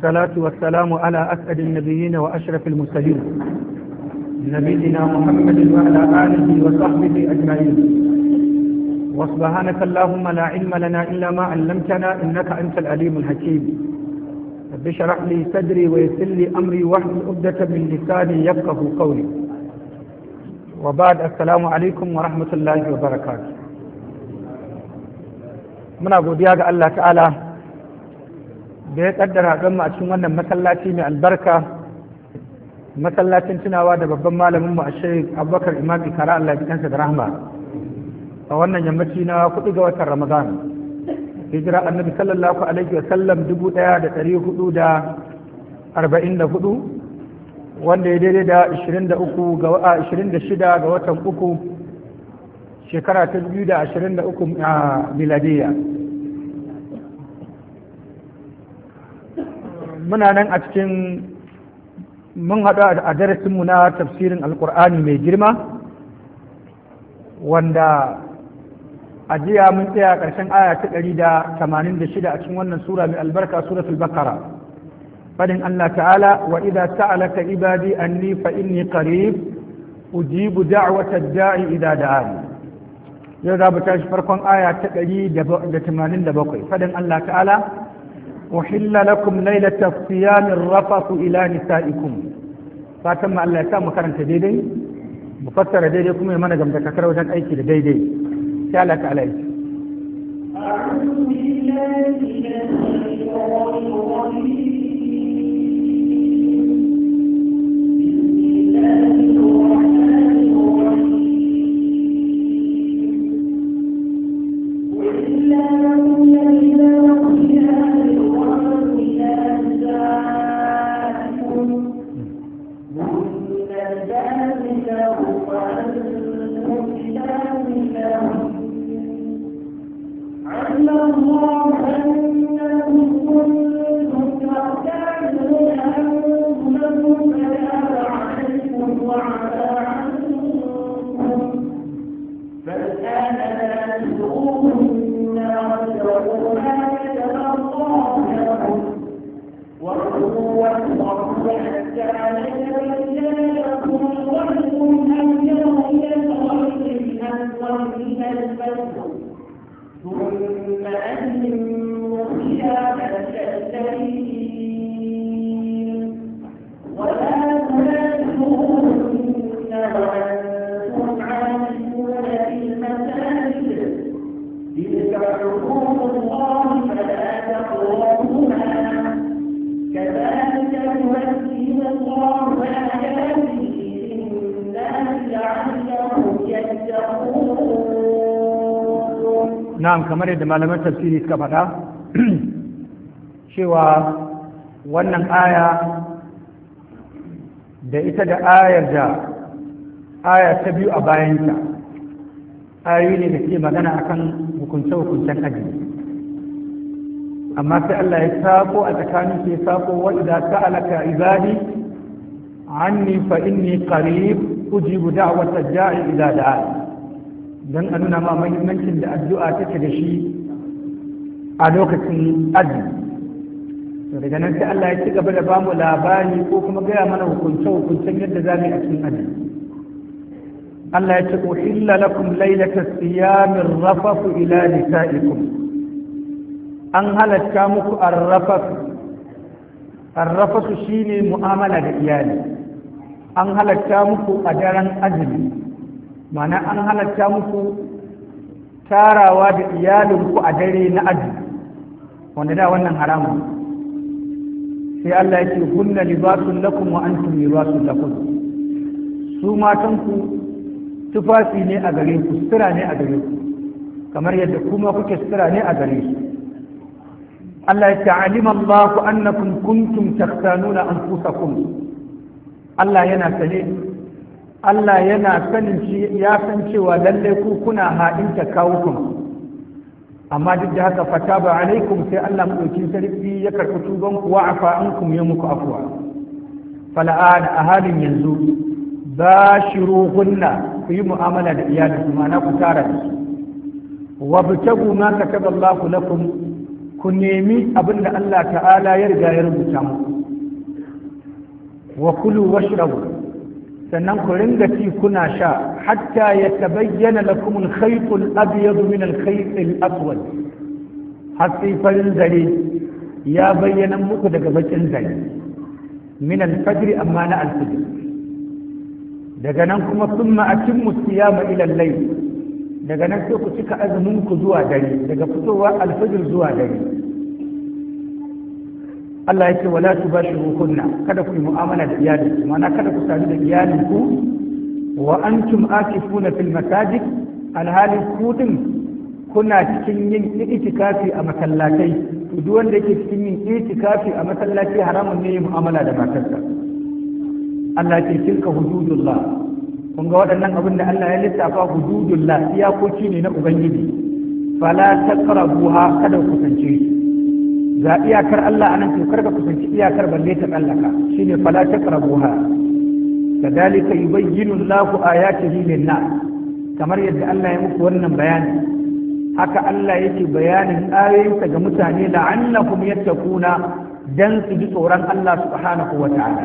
الصلاة والسلام على أسعد النبيين وأشرف المرسلين نبينا محمد وعلى آله وصحبه أجمعين وسبحانك اللهم لا علم لنا إلا ما علمتنا إنك أنت العليم الحكيم رب اشرح لي صدري ويسر لي أمري واحلل عقدة من لساني يفقهوا قولي وبعد السلام عليكم ورحمة الله وبركاته muna godiya ga Allah ta'ala da ya kaddara a a cikin wannan masallaci mai albarka masallacin tunawa da babban malamin mu a shaikh abubakar imam ikara allah ya kansa da rahma a wannan yammaci na kuɗi ga watan ramadan hijira annabi sallallahu alaihi wa sallam dubu ɗaya da ɗari hudu da arba'in da hudu wanda ya daidai da ashirin da uku ga ashirin da shida ga watan uku shekara ta biyu da ashirin da uku a miladiyya muna nan a cikin mun haɗu a darasinmu na tafsirin alkur'ani mai girma wanda a jiya mun tsaya ƙarshen aya ta ɗari da tamanin da shida a cikin wannan sura mai albarka suratul bakara Faɗin allah ta'ala wa idza ta'alaka ibadi anni fa inni qarib ujibu da'wata da'i idza da'ani yau za mu tashi farkon aya ta ɗari da tamanin da bakwai fadin allah ta'ala أحل لكم ليلة الصيام الرفث إلى نسائكم فاتم الله يسام كرنت ديدي مفسر ديدي كم يمنى جمدك كروجا أيكي ديدي سألك عليك أعوذ بالله من الشيطان الرجيم da malaman tafsiri suka faɗa cewa wannan aya da ita da ayar da aya ta biyu a bayanta ayoyi ne da ke magana akan hukunce-hukuncen ajiye amma sai Allah ya sako a tsakanin ke sako wadda ta alaka ibadi anni fa inni qarib ujibu da'wata da'i idza da'a dan a nuna ma muhimmancin da addu'a take da shi a lokacin azumi daga nan sai Allah ya ci gaba da bamu labari ko kuma gaya mana hukunce hukuncen yadda za mu yi a cikin azumi Allah ya ce ko uhilla lakum lailatas siyamir rafafu ila nisaikum an halatta muku arrafaf arrafasu shine mu'amala da iyali an halatta muku a daren azumi ma'ana an halatta muku tarawa da iyalinku a dare na azumi wanda da wannan haramun sai Allah ya ce hunna libasun lakum wa antum libasun lakum su matan ku tufafi ne a gare ku sutura ne a gare ku kamar yadda kuma kuke sutura ne a gare su Allah ya ce alima Allah annakum kuntum takhtanuna anfusakum Allah yana sane Allah yana sanin shi ya san cewa lallai ku kuna haɗin ta kawo amma duk da haka fata ba alaikum sai Allah madaukin sarki ya karɓi tuban ku wa afa ankum ya muku afwa fala'an a halin yanzu bashiruhunna ku yi mu'amala da iyalinsu ma'ana ku tara da su wabtagu ma kataba lakum ku nemi abin Allah ta'ala ya riga ya rubuta muku wa kulu washrabu sannan ku ringa ci kuna sha hatta ya tabayyana lakum al-khayt al-abyad min al-khayt al-aswad har sai farin zare ya bayyana muku daga bakin zare min al-fajr amma na al-fajr daga nan kuma summa atimmu siyama ila al-layl daga nan sai ku cika azumin ku zuwa dare daga fitowa al-fajr zuwa dare Allah ya ce wala tu bashi hukunna kada ku yi mu'amala da iyali mana kada ku sadu da iyalin ku wa antum akifuna fil masajid alhalin kudin kuna cikin yin itikafi a masallatai to duk wanda yake cikin yin itikafi a masallaci haramun ne mu'amala da matarsa Allah ya ce tilka hududullah kun ga waɗannan abin da Allah ya lissafa hududullah iyakoki ne na ubangiji fala taqrabuha kada ku kusance su ga iyakar Allah anan to ka kusanci iyakar balle ta tsallaka shine fala taqrabuha kadalika a Allahu ayatihi lin na kamar yadda Allah ya muku wannan bayani haka Allah yake bayanin ayoyinsa ga mutane la'annakum kuna don su ji tsoron Allah subhanahu wa ta'ala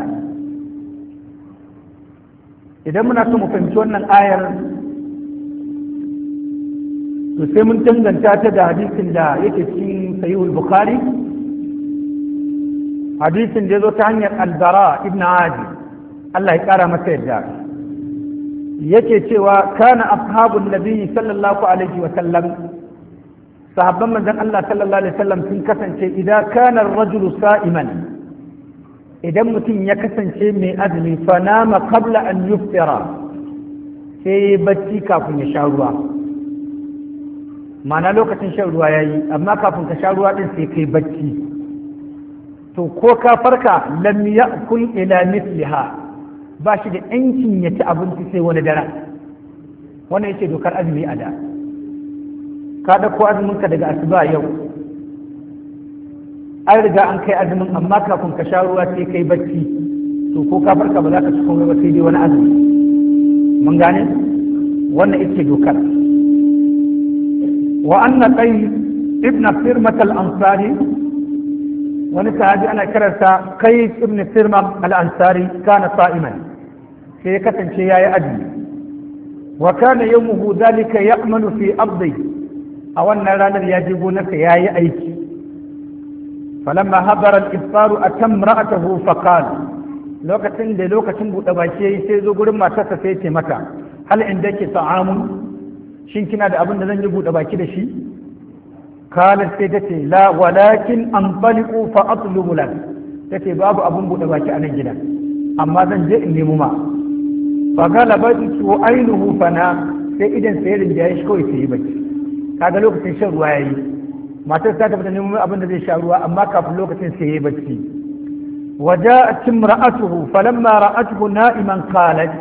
idan muna so mu fahimci wannan ayar to sai mun danganta ta da hadisin da yake cikin sahihul bukhari hadisin da ya zo ta hanyar albara ibn aji Allah ya kara masa yadda yake cewa kana ashabun nabiyyi sallallahu alaihi wa sallam sahabban manzon Allah sallallahu alaihi wa sallam sun kasance idan kana ar-rajulu sa'iman idan mutum ya kasance mai azumi fa nama qabla an yuftira sai bacci kafin ya sha ruwa Ma'ana lokacin shan ruwa ya yi amma kafin ka sha ruwa ɗin sai kai bacci to ko ka farka lam ya'kul ila misliha ba shi da yancin ya ci abinci sai wani dara wannan yake dokar azumi a da ka ɗauko azumin ka daga asuba yau an riga an kai azumin amma kafin ka sha ruwa sai kai bacci to ko ka farka ba za ka ci komai ba sai dai wani azumi mun gane wannan ita dokar وأن قيس ابن سرمة الأنصاري ونسى أنا كررت قيس ابن سرمة الأنصاري كان صائما في كتن شياء أجل وكان يومه ذلك يأمل في أرضه أو أن رانا يجبون شياء أيك فلما هبر الإبصار أتى امرأته فقال لوكتن دي لوكتن بوتباشي سيزو قرم ما تتفيتي متى هل عندك طعام shin kina da abin da zan yi buɗe baki da shi kalar sai ta ce la walakin an baliku fa atlubu lak ta ce babu abin buɗe baki a nan gida amma zan je in nemo ma fa galaba tu ainuhu fana sai idan sai rinjaye shi kawai sai yi baki kaga lokacin shan ruwa ya yi. matar ta tafi da nemo abin da zai sha ruwa amma kafin lokacin sai yi baki وجاءت امرأته falamma ra'atuhu na'iman قالت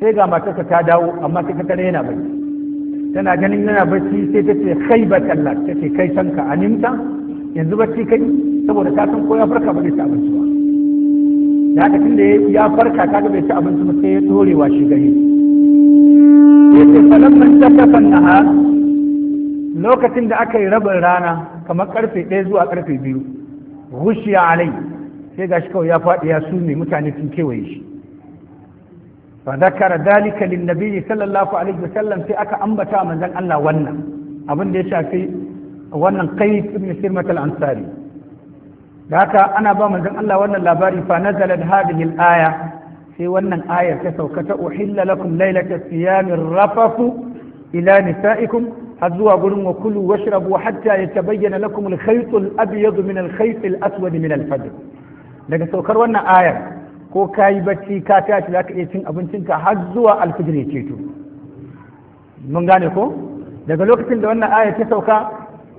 sai ga matarsa ta dawo amma sai ta tare yana baki tana ganin yana bacci sai ta ce kai ba talla ta ce kai sanka a nimta yanzu bacci kai saboda ta san ko ya farka ba zai ci abinci ba da haka tunda ya farka ta ga bai ci abinci ba sai ya dore shi gari ya ce falamman na ha lokacin da aka yi rabin rana kamar karfe ɗaya zuwa karfe biyu rushiya alai sai gashi kawai ya faɗi ya sume mutane sun kewaye shi fa zakara dalika linnabi sallallahu alaihi wasallam sai aka ambata manzon Allah wannan abin da ya shafi wannan qais ibn sirmat al-ansari da haka ana ba manzon Allah wannan labari fa da hadhihi al-aya sai wannan ayar ta sauka ta uhilla lakum lailata siyami rafafu ila nisaikum har zuwa gurin wa kulu washrabu hatta yatabayyana lakum al-khayt al-abyad min al-khayt min al daga saukar wannan ayar ko ka yi bacci ka tashi za ka iya cin abincinka har zuwa alfijir ya ceto mun gane ko daga lokacin da wannan ayar ta sauka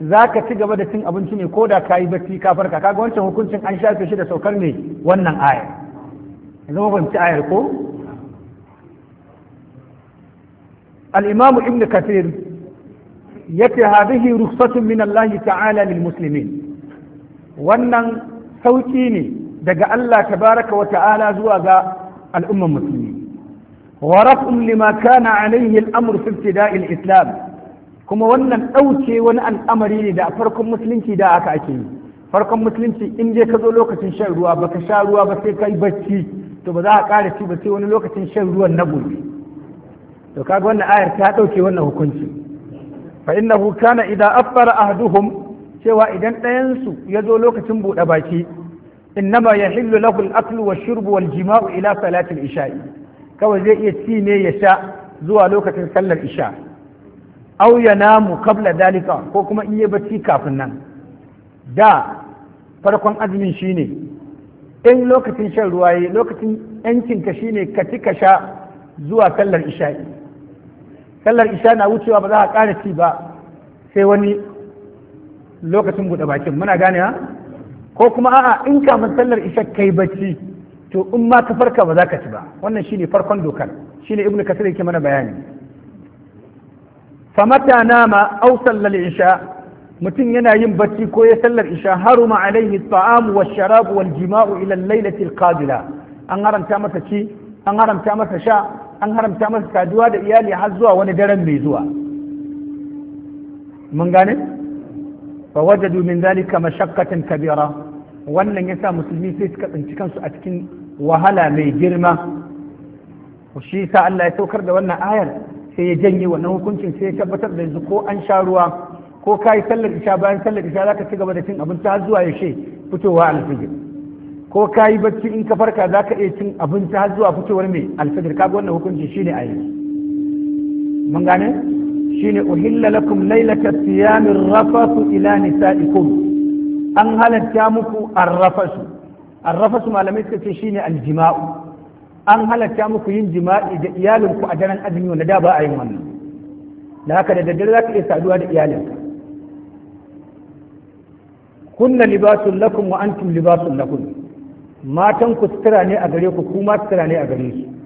za ka ci gaba da cin abinci ne ko da ka yi bacci ka farka kaga wancan hukuncin an shafe shi da saukar ne wannan aya zama fahimci ayar ko al-imam ibn kathir yace hadhihi rukhsatun min Allah ta'ala lil musulmi wannan sauki ne daga Allah tabaraka wa ta'ala zuwa ga al'ummar musulmi wa raf'un lima kana alayhi al-amr fi ibtida'il islam kuma wannan dauke wani al'amari ne da a farkon musulunci da aka ake yi farkon musulunci in je ka zo lokacin shan ruwa baka sha ruwa ba sai kai bacci to ba za a ƙara ci ba sai wani lokacin shan ruwan na gobe to kaga wannan ayar ta dauke wannan hukunci fa innahu kana idza afara ahaduhum cewa idan ɗayansu ya zo lokacin buɗe baki innama ya hillu lahu al-aklu wa shurbu wal jima'u ila ishai kawai zai iya ci ne ya sha zuwa lokacin sallar isha aw yanamu qabla dalika ko kuma iya yi kafin nan da farkon azumin shine in lokacin shan ruwa yi lokacin yancin ka shine ka ci sha zuwa sallar isha'i sallar isha na wucewa ba za a ƙara ci ba sai wani lokacin buɗe bakin muna gane ko kuma a'a in kafin sallar isha kai bacci to in ma ka farka ba za ka ci ba wannan shine farkon dokar shine ibnu kasir yake mana bayani mata nama aw sallal isha mutum yana yin bacci ko ya sallar isha haruma alaihi ta'amu wa sharabu wal jima'u ila al-lailati al an haramta masa ci an haramta masa sha an haramta masa saduwa da iyali har zuwa wani daren mai zuwa mun gane fa wajadu min zalika mashaqqatan kabira wannan yasa musulmi sai suka tsinci kansu a cikin wahala mai girma shi sa Allah ya saukar da wannan ayar sai ya janye wannan hukuncin sai ya tabbatar da yanzu ko an sha ruwa ko ka yi sallar isha bayan sallar isha za ka ci gaba da cin abinci har zuwa yaushe fitowa alfijir ko ka yi bacci in ka farka za ka iya cin abinci har zuwa fitowar mai alfijir kaga wannan hukunci shine a yanzu mun gane shine uhilla lakum lailatat siyamir rafasu ila nisaikum an halatta muku arrafasu arrafasu malamai suka ce shine aljima'u an halatta muku yin jima'i da iyalinku a daren azumi wanda da ba a yin wannan da haka da daddare za ka iya saduwa da iyalinka kunna libasun lakum wa antum libasun lakum matan ku sutura ne a gare ku kuma sutura ne a gare su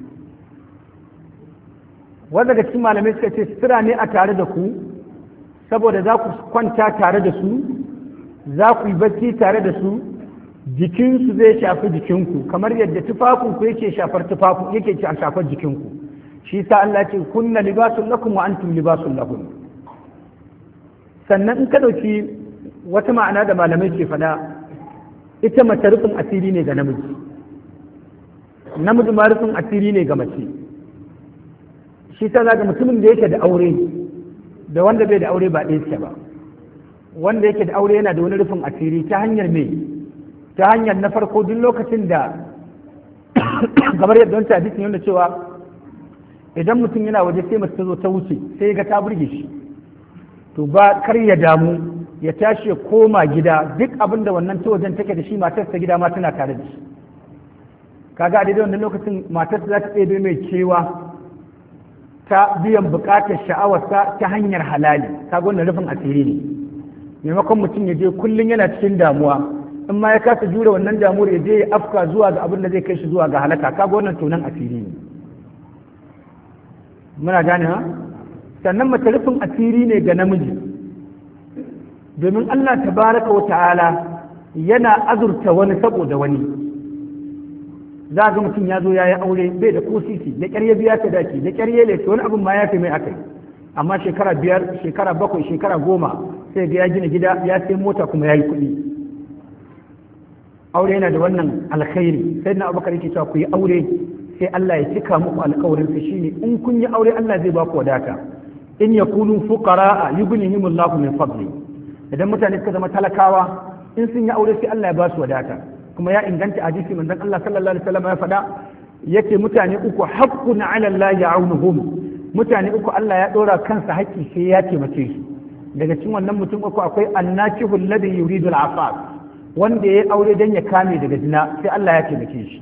wanda daga cikin malamai suka ce sutura ne a tare da ku saboda za ku kwanta tare da su za ku yi bacci tare da su jikinsu zai shafi jikinku kamar yadda tufafinku yake shafar tufafin yake shafar jikinku shi sa Allah ce kunna libasun lakum wa antum libasun lahum sannan in ka dauki wata ma'ana da malamai ke faɗa ita mace rufin asiri ne ga namiji namiji ma rufin asiri ne ga mace shi ta zaga mutumin da yake da aure da wanda bai da aure ba ɗaya suke ba wanda yake da aure yana da wani rufin asiri ta hanyar me ta hanyar na farko duk lokacin da kamar yadda wancan hadisi yana cewa idan mutum yana waje sai mace ta zo ta wuce sai ga ta burge shi to ba kar ya damu ya tashi ya koma gida duk abin da wannan ta wajen take da shi matarsa gida ma tana tare da shi kaga a daidai wannan lokacin matarsa za ta ɗebe mai cewa ta biyan bukatar sha'awarsa ta hanyar halali kaga wannan rufin asiri ne maimakon mutum ya je kullum yana cikin damuwa in ma ya kasa jure wannan damuwar ya je ya afka zuwa ga abin da zai kai shi zuwa ga halaka kaga wannan tunan asiri ne muna gane ha sannan mace rufin asiri ne ga namiji domin Allah tabaraka wa ta'ala yana azurta wani saboda wani za ga mutum ya zo ya yi aure bai da ko sisi da ƙyar ya biya ta daki da ƙyar ya lece wani abin ma ya fi mai akai amma shekara biyar shekara bakwai shekara goma sai ga ya gina gida ya sai mota kuma ya yi kuɗi aure yana da wannan alkhairi sai na abubakar yake cewa ku yi aure sai Allah ya cika muku alkawarin sa shine in kun yi aure Allah zai ba ku wadata in yakunu fuqara yughnihimullahu min fadli idan mutane suka zama talakawa in sun yi aure sai Allah ya ba su wadata kuma ya inganta a jiki manzon Allah sallallahu alaihi wasallam ya faɗa yake mutane uku haqqun ala Allah ya'unuhum mutane uku Allah ya dora kansa haƙƙi sai ya taimake su daga cikin wannan mutum uku akwai annakihu alladhi yuridu al wanda ya aure dan ya kame daga zina sai Allah ya taimake shi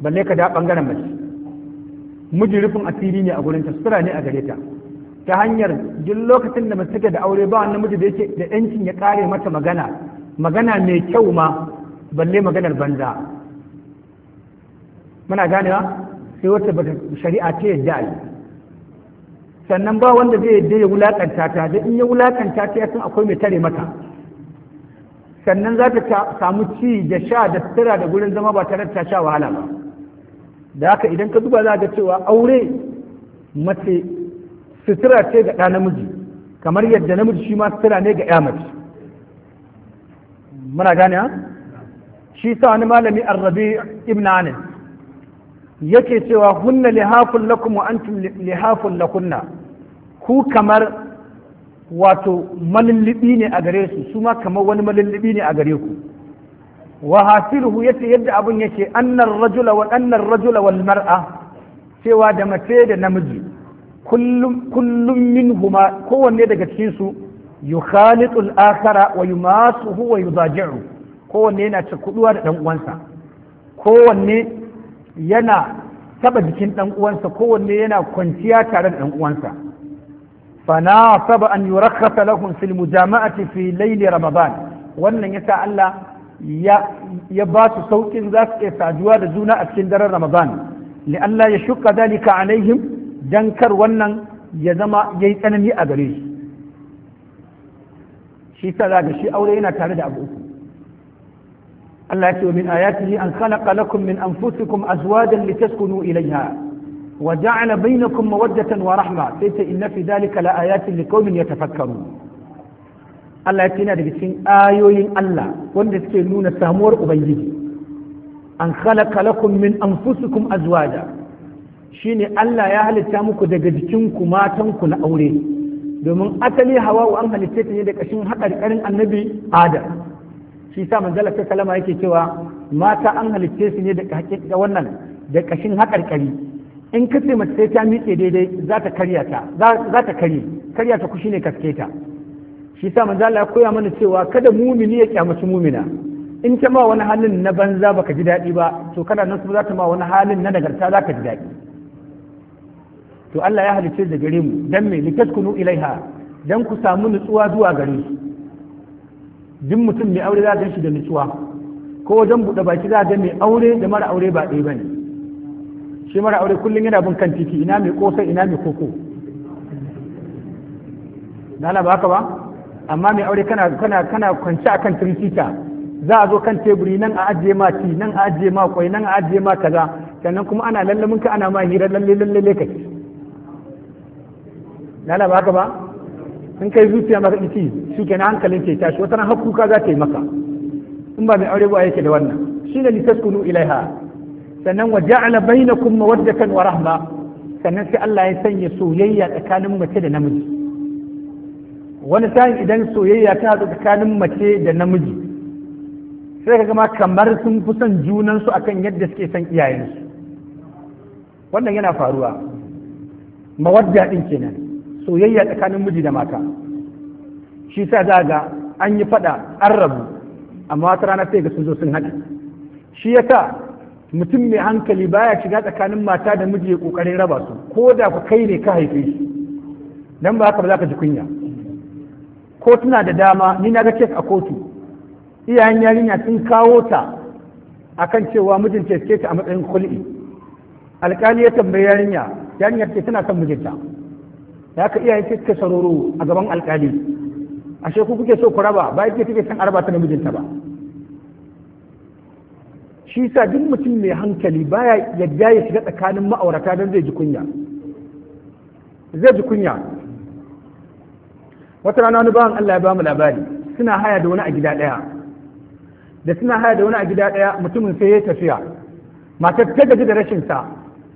balle ka da bangaren mace miji rufin asiri ne a gurin ta sura ne a gare ta ta hanyar duk lokacin da mace da aure ba wannan miji da yake da yancin ya kare mata magana magana mai kyau ma balle maganar banza muna ganewa sai wata bata shari'a ta yadda ai sannan ba wanda zai yadda ya wulakanta ta da in ya wulakanta ta yasan akwai mai tare mata sannan za ta samu ci da sha da sutura da gurin zama ba tare da ta sha wahala ba da haka idan ka duba za ga cewa aure mace sutura ce ga ɗa namiji kamar yadda namiji shi ma sutura ne ga ya mace muna gane ha shi sa wani malami arrabi ibn anil yake cewa hunna lihafun lakum wa antum lihafun lakunna ku kamar wato malullubi ne a gare su su ma kamar wani malullubi ne a gare ku wa hasiruhu yace yadda abun yake annar rajula wa annar rajula wal mar'a cewa da mace da namiji kullum kullum minhuma kowanne daga cikin su yukhalitu al-akhara wa yumasuhu wa yudaji'u kowanne yana cakuduwa da uwansa kowanne yana taba jikin dan uwansa kowanne yana kwanciya tare da dan uwansa saba an yurakhasa lahum fil mujama'ati fi ne ramadan wannan yasa Allah ya ya ba su saukin za su iya saduwa da juna a cikin daren ramadan li Allah ya shukka dalika alaihim dan kar wannan ya zama yayi tsanani a gare shi shi sa za shi aure yana tare da abu uku Allah ya ce min ayatihi an khalaqa lakum min anfusikum azwajan litaskunu ilayha wa ja'ala bainakum mawaddatan wa rahma sai ta inna fi dhalika la ayatin liqaumin yatafakkarun Allah ya ce yana daga cikin ayoyin Allah wanda suke nuna samuwar ubangiji an khalaqa lakum min anfusikum azwaja shine Allah ya halitta muku daga jikinku matanku na aure domin asali hawa hawa'u an halitta ta ne da kashin haƙarƙarin annabi adam shi sa manzala ta salama yake cewa mata an halitta su ne da wannan da kashin haƙarƙari in ka ce mace sai ta miƙe daidai za ta karya ta za ta karye karya ta kushi ne kaske ta shi sa manzala ya koya mana cewa kada mumini ya kyamaci mumina in ta ma wani halin na banza baka ji daɗi ba to kana nan za ta ma wani halin na nagarta za ka ji daɗi to Allah ya halice da gare mu dan me kunu ilaiha dan ku samu nutsuwa zuwa gare shi duk mutum mai aure za shi da nutsuwa ko wajen buɗe baki za ga mai aure da mara aure ba ɗaya bane shi mara aure kullum yana bin kan titi ina mai kosai ina mai koko dana ba haka ba amma mai aure kana kana kana kwance akan tirisita za a zo kan teburi nan a ajiye ma ti nan a ajiye ma kwai nan a ajiye ma kaza sannan kuma ana lallamin ka ana ma hira lalle lalle ka lala ba ka ba in kai zuciya maka iti shi kenan hankalin ke tashi wata ran hakuka za ta yi maka in ba mai aure ba yake da wannan shi ne litaskunu ilaiha sannan wa ja'ala bainakum mawaddatan wa rahma sannan sai Allah ya sanya soyayya tsakanin mace da namiji wani sa'in idan soyayya ta haɗu tsakanin mace da namiji sai ka gama kamar sun fi son junansu akan yadda suke son iyayensu wannan yana faruwa mawadda ɗin kenan soyayya tsakanin miji da mata shi sa za ga an yi faɗa an rabu amma wata rana sai ga sun zo sun haɗe shi ya sa mutum mai hankali baya shiga tsakanin mata da miji ya ƙoƙarin raba su ko da ku kai ne ka haife shi dan ba haka ba za ka ji kunya ko da dama ni na ga kes a kotu iyayen yarinya sun kawo ta akan cewa mijinta ya ce ta a matsayin kul'i alƙali ya tambayi yarinya yarinyar ce tana son mijinta ya ka iyaye ce suka saroro a gaban alkali a ku kuke so ku raba ba yake take san araba ta namijinta ba shi sa duk mutum mai hankali baya yadda ya shiga tsakanin ma'aurata don zai ji kunya zai ji kunya wata rana wani bawan Allah ya ba mu labari suna haya da wani a gida ɗaya da suna haya da wani a gida daya mutumin sai ya tafiya matar ta gaji da rashin sa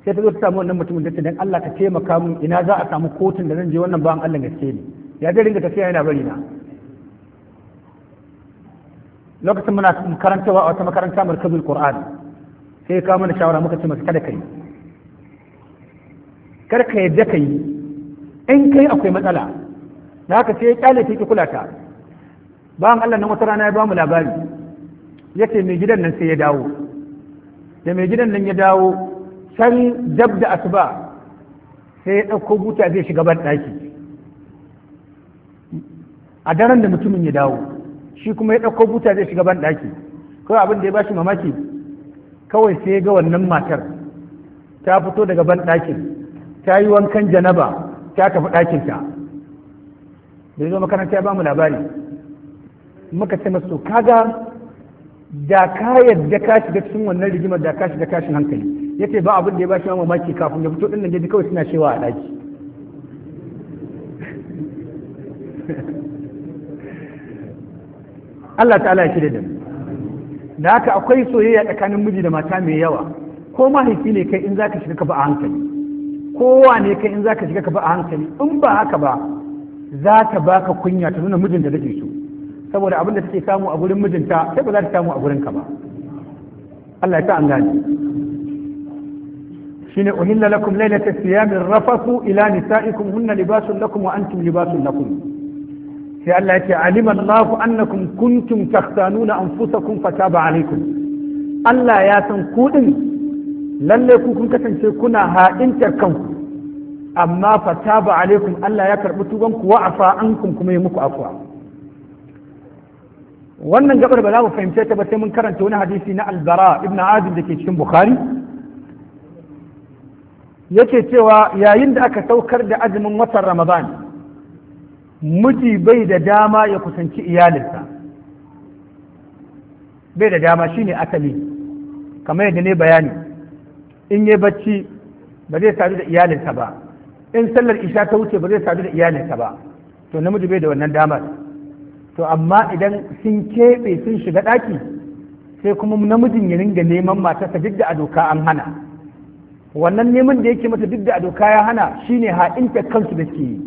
sai ta zo ta samu wannan mutumin ta dan Allah ka taimaka mun ina za a samu kotun da zan je wannan bawan Allah gaske ne ya zai ringa tafiya yana bari na lokacin muna karantawa a wata makaranta markazul qur'ani sai ka mana shawara muka ce masa kada kai kar ka yadda ka yi in kai akwai matsala da haka sai ya kyale ki kula ta bayan Allah nan wata rana ya ba mu labari yace mai gidan nan sai ya dawo da mai gidan nan ya dawo can dab da asuba sai ya ɗauko buta zai shiga ban ɗaki a daren da mutumin ya dawo shi kuma ya ɗauko buta zai shiga ban ɗaki kawai abin da ya bashi mamaki kawai sai ya ga wannan matar ta fito daga ban ɗakin ta yi wankan janaba ta tafi ɗakinta da zo makaranta ya ba mu labari muka ce masu kaga da ka yadda ka shiga cikin wannan rigimar da ka shiga kashin hankali ya ce ba abin da ya ba shi mamaki kafin ya fito ɗin da kawai suna cewa a ɗaki Allah ta'ala ya shirya da mu da haka akwai soyayya tsakanin miji da mata mai yawa ko mahaifi ne kai in za ka shiga ka ba a hankali kowa ne kai in za ka shiga ka ba a hankali in ba haka ba za ta baka kunya ta nuna mijin da take so saboda abin da take samu a gurin mijinta sai ba za ta samu a gurin ka ba Allah ya ta an gane shine uhilla lakum laylata siyamin rafasu ila nisaikum hunna libasun lakum wa antum libasun lakum sai Allah yake alima Allahu annakum kuntum takhtanuna anfusakum fataba alaikum Allah ya san ku din lalle ku kun kasance kuna ha'intar kanku amma fataba alaikum Allah ya karbi tuban ku wa afa ankum kuma ya muku afwa wannan gabar ba za mu fahimce ta ba sai mun karanta wani hadisi na albara ibn azim da ke cikin bukhari yake cewa yayin da aka saukar da azumin watan ramadan miji bai da dama ya kusanci iyalinsa bai da dama shine asali kamar yadda ne bayani in yi bacci ba zai sadu da iyalinsa ba in sallar isha ta wuce ba zai sadu da iyalinsa ba to namiji bai da wannan damar to amma idan sun keɓe sun shiga ɗaki sai kuma namijin ya ringa neman matarsa duk da a doka an hana wannan neman da yake mata duk da doka ya hana shine ha'inta kansu da ke yi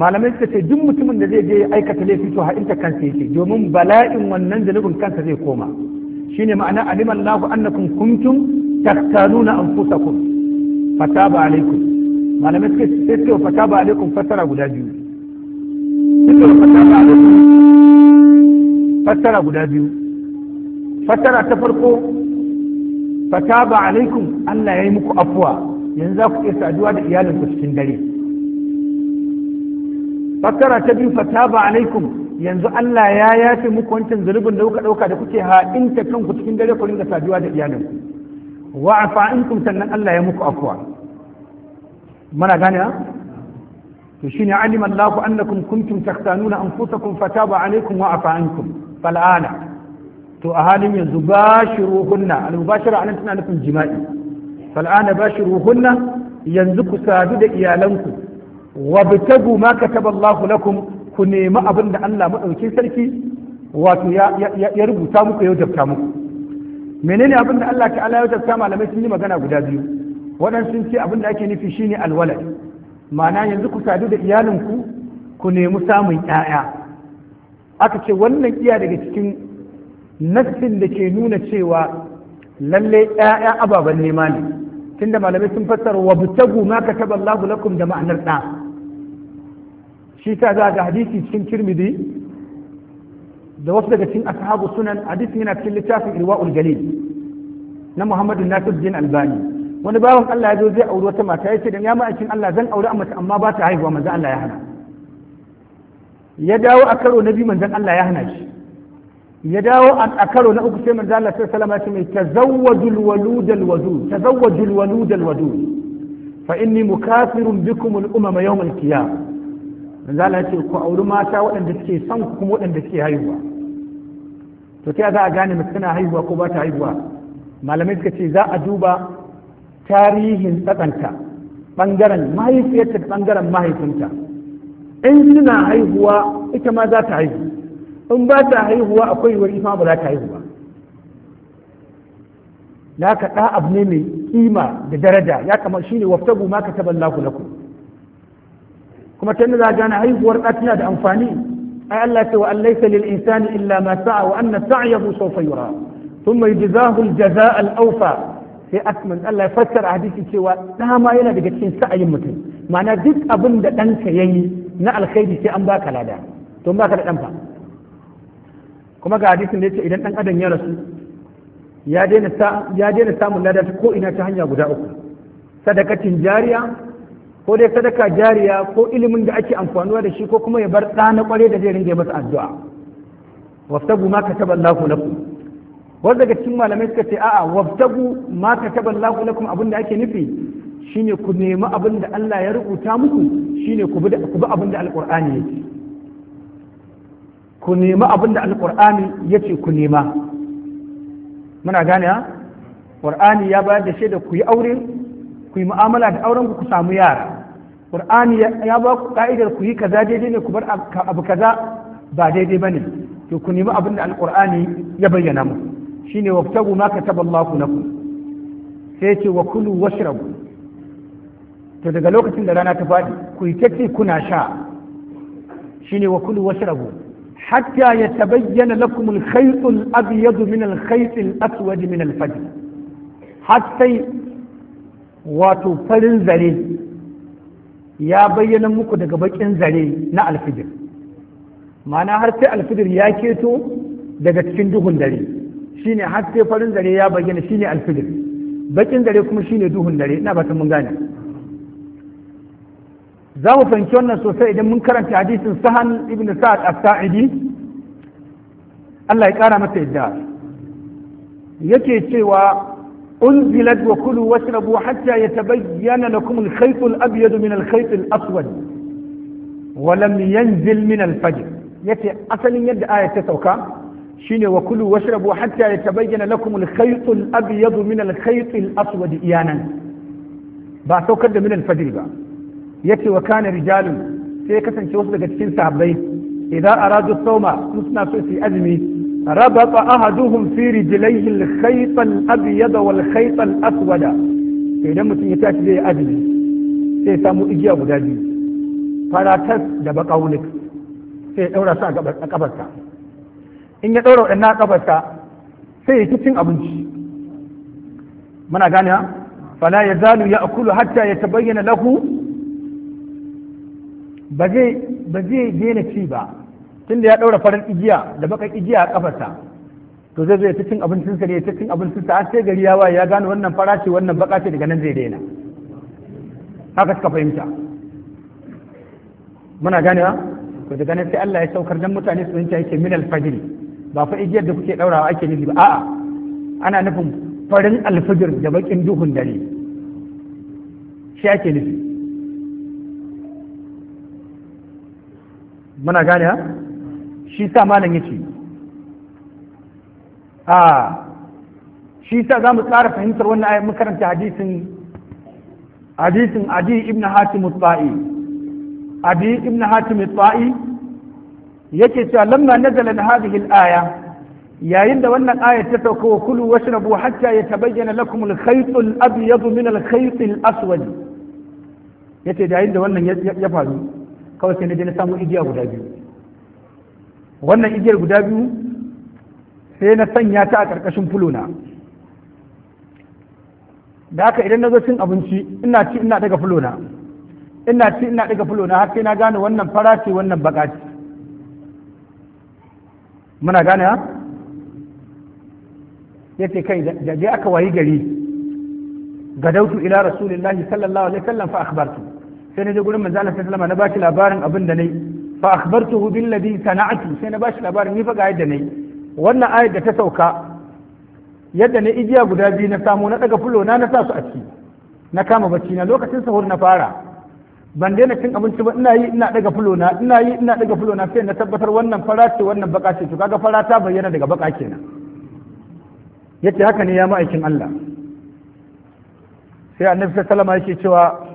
malamai suka ce duk mutumin da zai je aikata laifi to ha'inta kansu yake domin bala'in wannan zanubin kansa zai koma shine ma'ana aliman lahu annakum kuntum taktanuna anfusakum fataba alaikum malamai suka ce sai fataba alaikum fassara guda biyu fassara guda biyu fassara ta farko fataba alaikum Allah ya yi muku afuwa yanzu za ku iya saduwa da iyalinku cikin dare fassara ta biyu fataba alaikum yanzu Allah ya yafe muku wancan zulubin da kuka dauka da kuke ha'inta kanku cikin dare ku ringa saduwa da iyalinku wa afa ankum sannan Allah ya muku afuwa mana gane to shine alima Allah annakum kuntum takhtanuna anfusakum fataba alaikum wa afa ankum fal'ana to a halin yanzu bashiruhunna al-mubashara anan tana nufin jima'i shi ruhunna yanzu ku sadu da iyalanku wa bitagu ma kataba Allahu lakum ku nemi abin da Allah madaukin sarki wato ya rubuta muku ya wajabta muku menene abin da Allah ta'ala ya wajabta malamai sun yi magana guda biyu waɗansu sun ce abin da ake nufi shine alwalad ma'ana yanzu ku sadu da iyalanku ku nemi samun 'ya'ya aka ce wannan iya daga cikin nassin da ke nuna cewa lalle ‘ya'ya ababen nema ne tunda malamai sun fassara wa butagu ma ka taba Allahu lakum da ma'anar da shi ta za ga hadisi cikin tirmidhi da wasu daga cikin ashabu sunan hadisi yana cikin littafin irwa'ul galil na Muhammadu Nasiruddin Albani wani bawan Allah ya zo zai auri wata mata ya ce ya ma'aikin Allah zan auri amma amma ba ta haihuwa manzo Allah ya hana ya dawo a karo na biyu manzon Allah ya hana shi ya dawo a karo na uku sai manzo Allah sallallahu alaihi wasallam mai tazawwajul walud al wadud tazawwajul walud al fa inni mukafirun bikum al umama yawm al qiyam manzo ce ku auri mata waɗanda suke son ku kuma waɗanda suke haihuwa to ta za a gane mace tana haihuwa ko ba ta haihuwa malamai suka ce za a duba tarihin tsakanta bangaren mahaifiyarta da bangaren mahaifinta in suna haihuwa ita ma za ta haihu in ba ta haihuwa akwai yiwuwar ita ba za ta haihu ba ka ɗa abu ne mai kima da daraja ya kamar shi ne waftabu ma ka taɓa laku laku kuma ta na gane haihuwar ɗa tana da amfani ai Allah ce wa allaisa lil insani illa ma sa'a wa anna sa'yahu sawfa yura thumma yujzahu al jazaa al sai asman Allah ya fassara hadisi cewa ɗa yana daga cikin sa'ayin mutum mana duk abin da ɗanka yayi na alkhairi sai an baka lada to baka da ɗan kuma ga hadisin da yace idan dan adam ya rasu ya daina samun lada ko ina ta hanya guda uku sadakacin jariya ko dai sadaka jariya ko ilimin da ake amfanuwa da shi ko kuma ya bar ɗa na kware da zai ringa masa addu'a waftagu ma kataba Allahu lakum wanda daga cikin malamai suka ce a'a waftagu ma kataba Allahu lakum abin da ake nufi shine ku nemi abin da Allah ya rubuta muku shine ku bi abin da alqur'ani yake ku nema abin da alƙur'ani ya ce ku nema muna gane ƙur'ani ya bayar da shaida ku yi aure ku yi mu'amala da auren ku samu yara ƙur'ani ya ba ku ka'idar ku yi kaza daidai ne ku bar abu kaza ba daidai ba ne to ku nemi abin da alƙur'ani ya bayyana mu shi ne wabtagu ma kataba na ku sai ce wa kulu rabu to daga lokacin da rana ta faɗi ku yi ta kuna sha shine wa kulu rabu. hatta ya tabayyana lakum al-khayt al-abyad min al-khayt al-aswad wato farin zare ya bayyana muku daga bakin zare na alfijir mana har sai alfijir ya keto daga cikin duhun dare shine har farin zare ya bayyana shine alfijir bakin zare kuma shine duhun dare ina ba mun gane za mu fahimci wannan sosai idan mun karanta hadisin sahan ibn sa'ad as-sa'idi Allah ya kara masa yadda yake cewa unzilat wa kulu washrabu hatta yatabayyana lakum al-khayt al-abyad min al-khayt al-aswad wa lam yanzil min al-fajr yace asalin yadda aya ta sauka shine wa kulu washrabu hatta yatabayyana lakum al-khayt al-abyad min al-khayt al-aswad iyanan ba saukar da min al-fajr ba yace wa kana rijalun sai kasance wasu daga cikin sahabbai idan aradu sauma sun suna so su yi azumi rabata ahaduhum fi rijlaihi al-khayt al-abyad wal khayt al-aswad idan mutum ya tashi zai azumi sai samu igiya guda biyu faratas da bakawulik sai ya daura su a kafarsa in ya daura waɗannan a kafarsa sai ya cin abinci muna gane fala yazalu ya'kulu hatta yatabayyana lahu ba zai daina ci ba tun da ya ɗaura farin igiya da bakan igiya a kafarsa to zai zo ya cin abincinsa ne ya cin abincinsa an sai gari ya waye ya gane wannan fara ce wannan baka ce daga nan zai daina haka suka fahimta muna ganewa to daga nan sai Allah ya saukar dan mutane su fahimta yake min alfajiri ba fa igiyar da kuke ɗaurawa ake nufi ba a'a ana nufin farin alfajir da bakin duhun dare shi ake nufi muna gane ha shi sa malam yace a shi sa za mu tsara fahimtar wannan ayat mun karanta hadisin hadisin adi ibn hatim al-ta'i adi ibn hatim al-ta'i yake cewa lamma nazala hadhihi al-aya yayin da wannan aya ta wa kulu washrabu hatta yatabayyana lakum al-khayt al-abyad min al-khayt al-aswad yace yayin da wannan ya faru kawai sai na je na samu igiya guda biyu wannan igiyar guda biyu sai na sanya ta a ƙarƙashin fulona da haka idan na zo cin abinci ina ci ina daga fulona ina ci ina daga fulona har sai na gane wannan fara ce wannan baka ce muna gane ha ya ce kai da aka wayi gari dautu ila rasulullahi sallallahu alaihi wasallam fa akhbartu sai na je gurin manzo Allah sallallahu alaihi na bashi labarin abin da nayi fa akhbartuhu bil ladhi sana'atu sai na bashi labarin ni fa ga yadda nayi wannan ayat da ta sauka yadda na igiya guda biyu na samu na daga fulo na na sa su a ciki na kama bacci na lokacin sahur na fara ban daina cin abinci ba ina yi ina daga fulo na ina yi ina daga fulo na sai na tabbatar wannan fara ce wannan baka ce to kaga fara ta bayyana daga baka kenan yace haka ne ya ma'aikin Allah sai annabi sallallahu alaihi wasallam yake cewa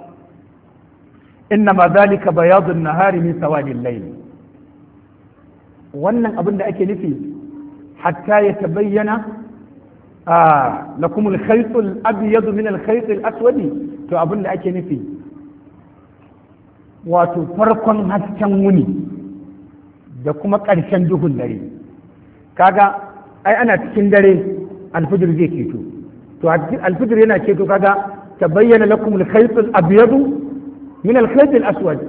inna zalika bayadun nahari min sawadil layl wannan abin da ake nufi hatta ya tabayyana lakum al-khayt al-abyad min to abin ake nufi wato farkon hasken wuni da kuma karshen duhun dare kaga ai ana cikin dare alfijir to yana keto kaga tabayyana lakum al-khayt min al-khayt al-aswad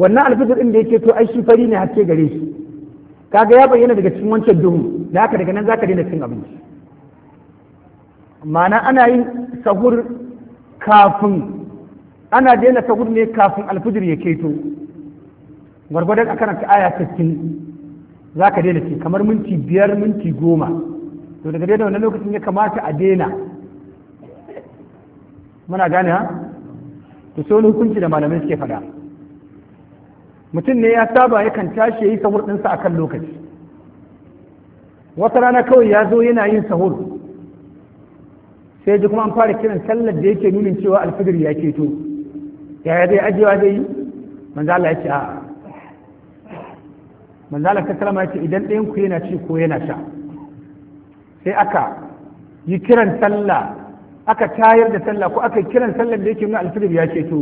wannan alfitar din da yake to ai shi fari ne haske gare shi kaga ya bayyana daga cikin wancan duhu da haka daga nan zaka daina cin abinci ma'ana ana yin sahur kafin ana daina sahur ne kafin alfijir ya keto gwargwadon a karanta aya 60 za ka daina ci kamar minti biyar minti goma to daga daina wannan lokacin ya kamata a daina muna gane ha ku so hukunci da malamai suke faɗa mutum ne ya saba yakan tashi ya yi sahur ɗinsa akan lokaci wata rana kawai ya zo yana yin sahur sai ji kuma an fara kiran sallar da yake nunin cewa alfajir ya keto yaya zai ajiyewa zai yi manzo Allah ya ce a'a manzo Allah sallama ya ce idan ɗayan ku yana ci ko yana sha sai aka yi kiran sallah aka tayar da sallah ko aka kiran sallar da yake nuna alfijir ya ce to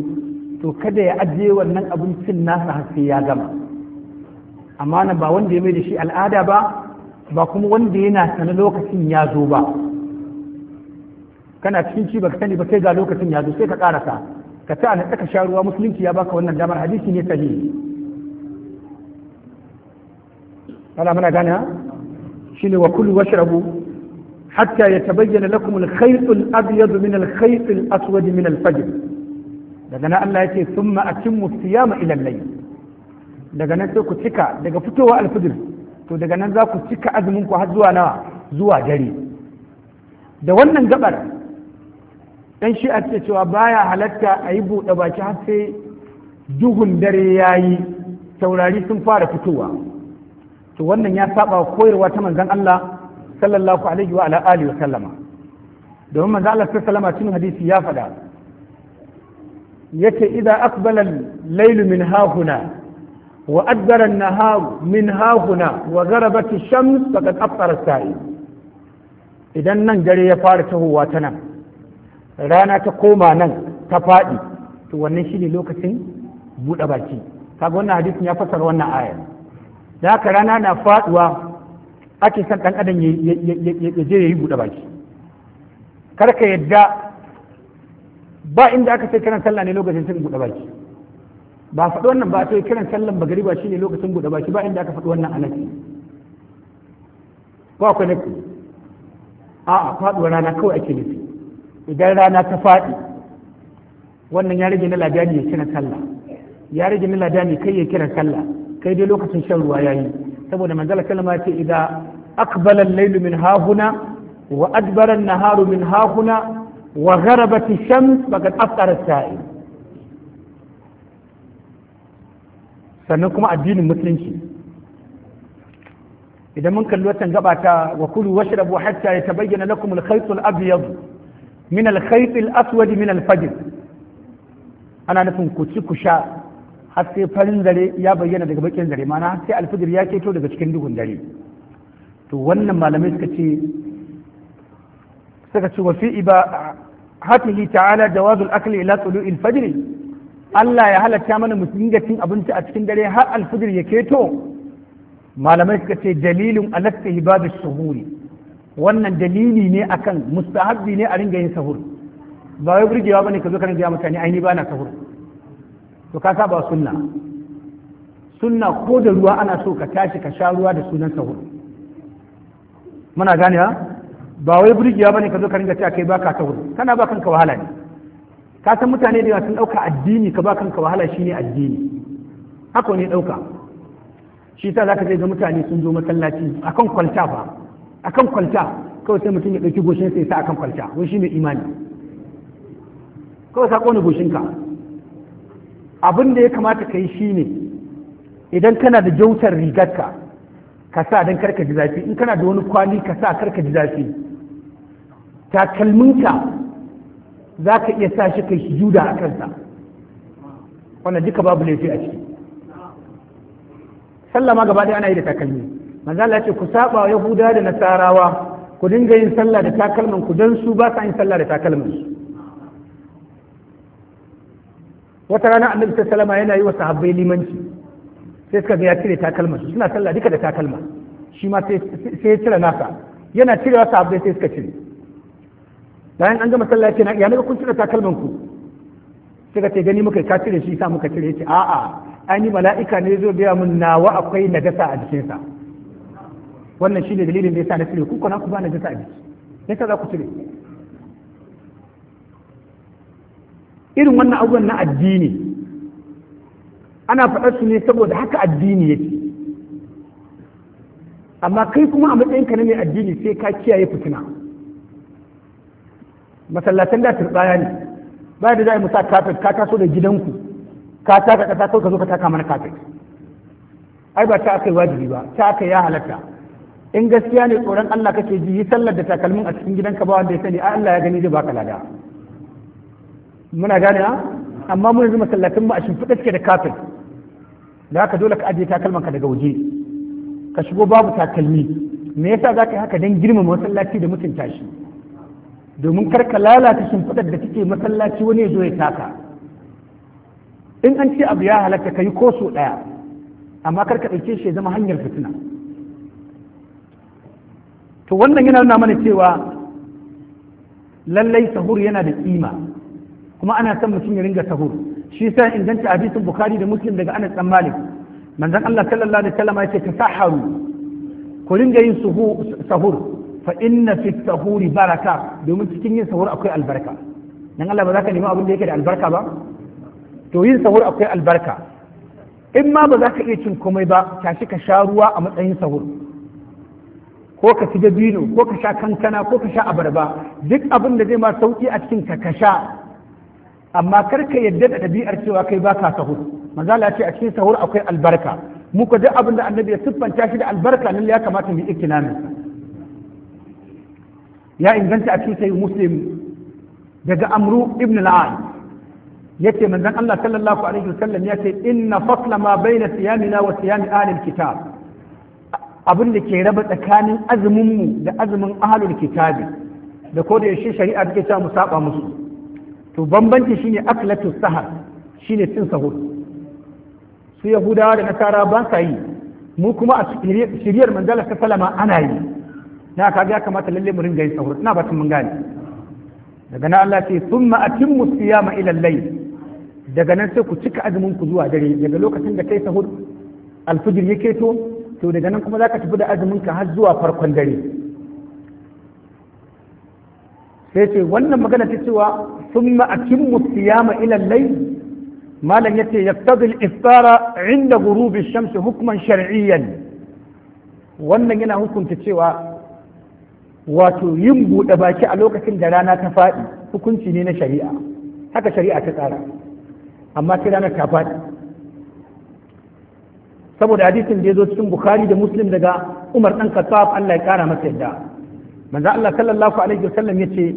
to kada ya ajiye wannan abincin nasa har sai ya gama amma na ba wanda ya mai da shi al'ada ba ba kuma wanda yana sana lokacin ya zo ba kana cikin ci baka sani ba sai ga lokacin ya zo sai ka karasa ka ta na tsaka sha ruwa musulunci ya baka wannan damar hadisi ne sahihi ana muna gane shi ne wa kullu washrabu hatta ya tabayyana lakum al-khayt al-abyad min al min daga nan Allah yake summa atimmu siyama ila layl daga nan sai ku cika daga fitowa alfajir to daga nan za ku cika azumin ku har zuwa nawa zuwa dare da wannan gabar dan shi a ce cewa baya halatta a yi buɗe baki har sai duhun dare ya yi taurari sun fara fitowa to wannan ya saba koyarwa ta manzon Allah sallallahu alaihi wa ala alihi wa sallama domin manzo Allah sallama cikin hadisi ya faɗa yace idza aqbala al-layl min hahuna wa adbara an min hahuna wa gharabat ash-shams faqad aftara as-sa'i idan nan dare ya fara tahowa ta nan rana ta koma nan ta faɗi to wannan shine lokacin buɗe baki kaga wannan hadisin ya fassara wannan aya da haka rana na faɗuwa ake son ɗan adam ya je ya yi buɗe baki kar ka yadda ba inda aka sai kiran sallah ne lokacin sun buɗe baki ba faɗi wannan ba sai kiran sallan bagari ba ne lokacin buɗe baki ba inda aka faɗi wannan anaki ba akwai a a'a faɗuwa rana kawai ake nufi idan rana ta faɗi wannan ya rage na ladani ya kiran sallah ya rage na ladani kai ya kiran sallah kai dai lokacin shan ruwa yi. saboda manzala kalma ce idan aqbala al-layl min hahuna wa adbara an-naharu min hahuna wa gharabat ash-shams faqad afṭara as-sa'im sannan kuma addinin musulunci idan mun kalli watan gaba ta wa kulu washrabu hatta yatabayyana lakum al-khayt al-abyad min al-khayt al-aswad min al-fajr ana nufin ku ci ku sha har sai farin dare ya bayyana daga bakin dare mana sai alfijir ya keto daga cikin duhun dare to wannan malamai suka ce suka ce wa fi iba hatihi ta'ala jawazul akli ila tulu'il fajr Allah ya halatta mana mu dinga cin abinci a cikin dare har alfijir ya keto malamai suka ce dalilun alatta hibabi suhuri wannan dalili ne akan mustahabbi ne a ringa yin sahur ba wai burgewa bane ka zo ka ringa mutane ai ni bana sahur to ka saba sunna sunna ko da ruwa ana so ka tashi ka sha ruwa da sunan sahur muna gane ba wai burgiya bane ka zo ka ringa cewa kai baka sahur kana ba kanka wahala ne ka san mutane da sun dauka addini ka ba kanka wahala shine addini haka ne dauka shi ta zaka ga mutane sun zo masallaci akan kwalta ba akan kwalta kawai sai mutum ya dauki goshin sai sa akan kwalta wai shine imani kawai sa kone goshinka abin da ya kamata ka yi shine idan kana da jautar rigarka ka sa don karka ji zafi in kana da wani kwali ka sa karka ji zafi takalminka za ka iya sa shi kai sujuda a kansa wannan duka babu laifi a ciki sallama gaba ɗaya ana yi da takalmi manzo Allah ce ku saba yahuda da nasarawa ku dinga yin sallah da takalmin ku dan su ba sa yin sallah da takalmin. su wata rana annabi sallama yana yi wa sahabbai limanci sai suka ga ya cire takalma suna sallah duka da takalma shi ma sai ya cire nasa yana cirewa sahabbai sai suka cire bayan an gama sallah ya ya naga kun cire takalman ku ka ce gani muka ka cire shi sa muka cire ce a'a ani mala'ika ne zo biya mun nawa akwai najasa a jikin sa wannan shine dalilin da yasa na cire ku kana ku ba najasa a jiki sai ka za ku cire irin wannan abubuwan na addini ana faɗar su ne saboda haka addini yake amma kai kuma a matsayinka na mai addini sai ka kiyaye fitina masallatan da turɓaya ne ba da za a musa kafet ka taso da gidanku ka taka ƙasa kawai ka zo ka taka mana kafet ai ba ta aka yi wajibi ba ta aka ya halatta in gaskiya ne tsoron Allah kake ji yi sallar da takalmin a cikin gidanka ba wanda ya sani Allah ya gani zai baka lada muna gane ha amma mun yanzu masallatin ba a shimfiɗa suke da kafin da haka dole ka ajiye ka daga waje ka shigo babu takalmi me yasa za ka yi haka don girmama masallaci da mutunta shi domin kar ka lalata shimfiɗar da take masallaci wani ya zo ya taka in an ce abu ya halatta ka yi ko so ɗaya amma kar ka ɗauke shi ya zama hanyar fitina to wannan yana nuna mana cewa lallai sahur yana da kima kuma ana son mutum ya ringa sahur shi yasa inganta hadisin bukhari da muslim daga anas dan malik manzon Allah sallallahu alaihi wasallam ya ce tasahharu ku ringa yin sahur fa inna fi sahuri baraka domin cikin yin sahur akwai albarka dan Allah ba za ka nemi abin da yake da albarka ba to yin sahur akwai albarka in ma ba za ka iya cin komai ba tashi ka sha ruwa a matsayin sahur ko ka ci dabino ko ka sha kankana ko ka sha abarba duk abin da zai ma sauki a cikin ka ka sha amma kar ka yadda da ɗabi'ar cewa kai ba ka sahur manzala ce a cikin sahur akwai albarka mu ka duk abin da annabi ya siffanta shi da albarka nan ya kamata mu ikinamin ya inganta a cikin muslim daga amru ibn al-an yace manzon Allah sallallahu alaihi wasallam yace inna fasla ma baina siyamina wa siyam ahlil kitab abin da ke raba tsakanin azumin mu da azumin ahlul kitabi da ko da yaushe shari'a take ta mu saba musu to bambanci shine aklatu sahar shine cin sahur su yahudawa da nasara ba sa yi mu kuma a shiriyar manzala ta salama ana yi na ka ya kamata lalle mu ringa yin sahur ina ba mun gane daga nan Allah ce thumma atimmu siyama ila al-layl daga nan sai ku cika azumin ku zuwa dare daga lokacin da kai sahur alfijir ya keto to daga nan kuma zaka tafi da azumin ka har zuwa farkon dare sai ce wannan magana ta cewa sun atimmu siyama ila layl malam ce ya al-iftara inda ghurubi ash hukuman hukman wannan yana hukunta cewa wato yin buɗe baki a lokacin da rana ta faɗi hukunci ne na shari'a haka shari'a ta tsara amma sai ranar ta faɗi saboda hadisin da ya zo cikin bukhari da muslim daga umar ɗan kasaf Allah ya ƙara masa yadda manzo Allah sallallahu alaihi wasallam yace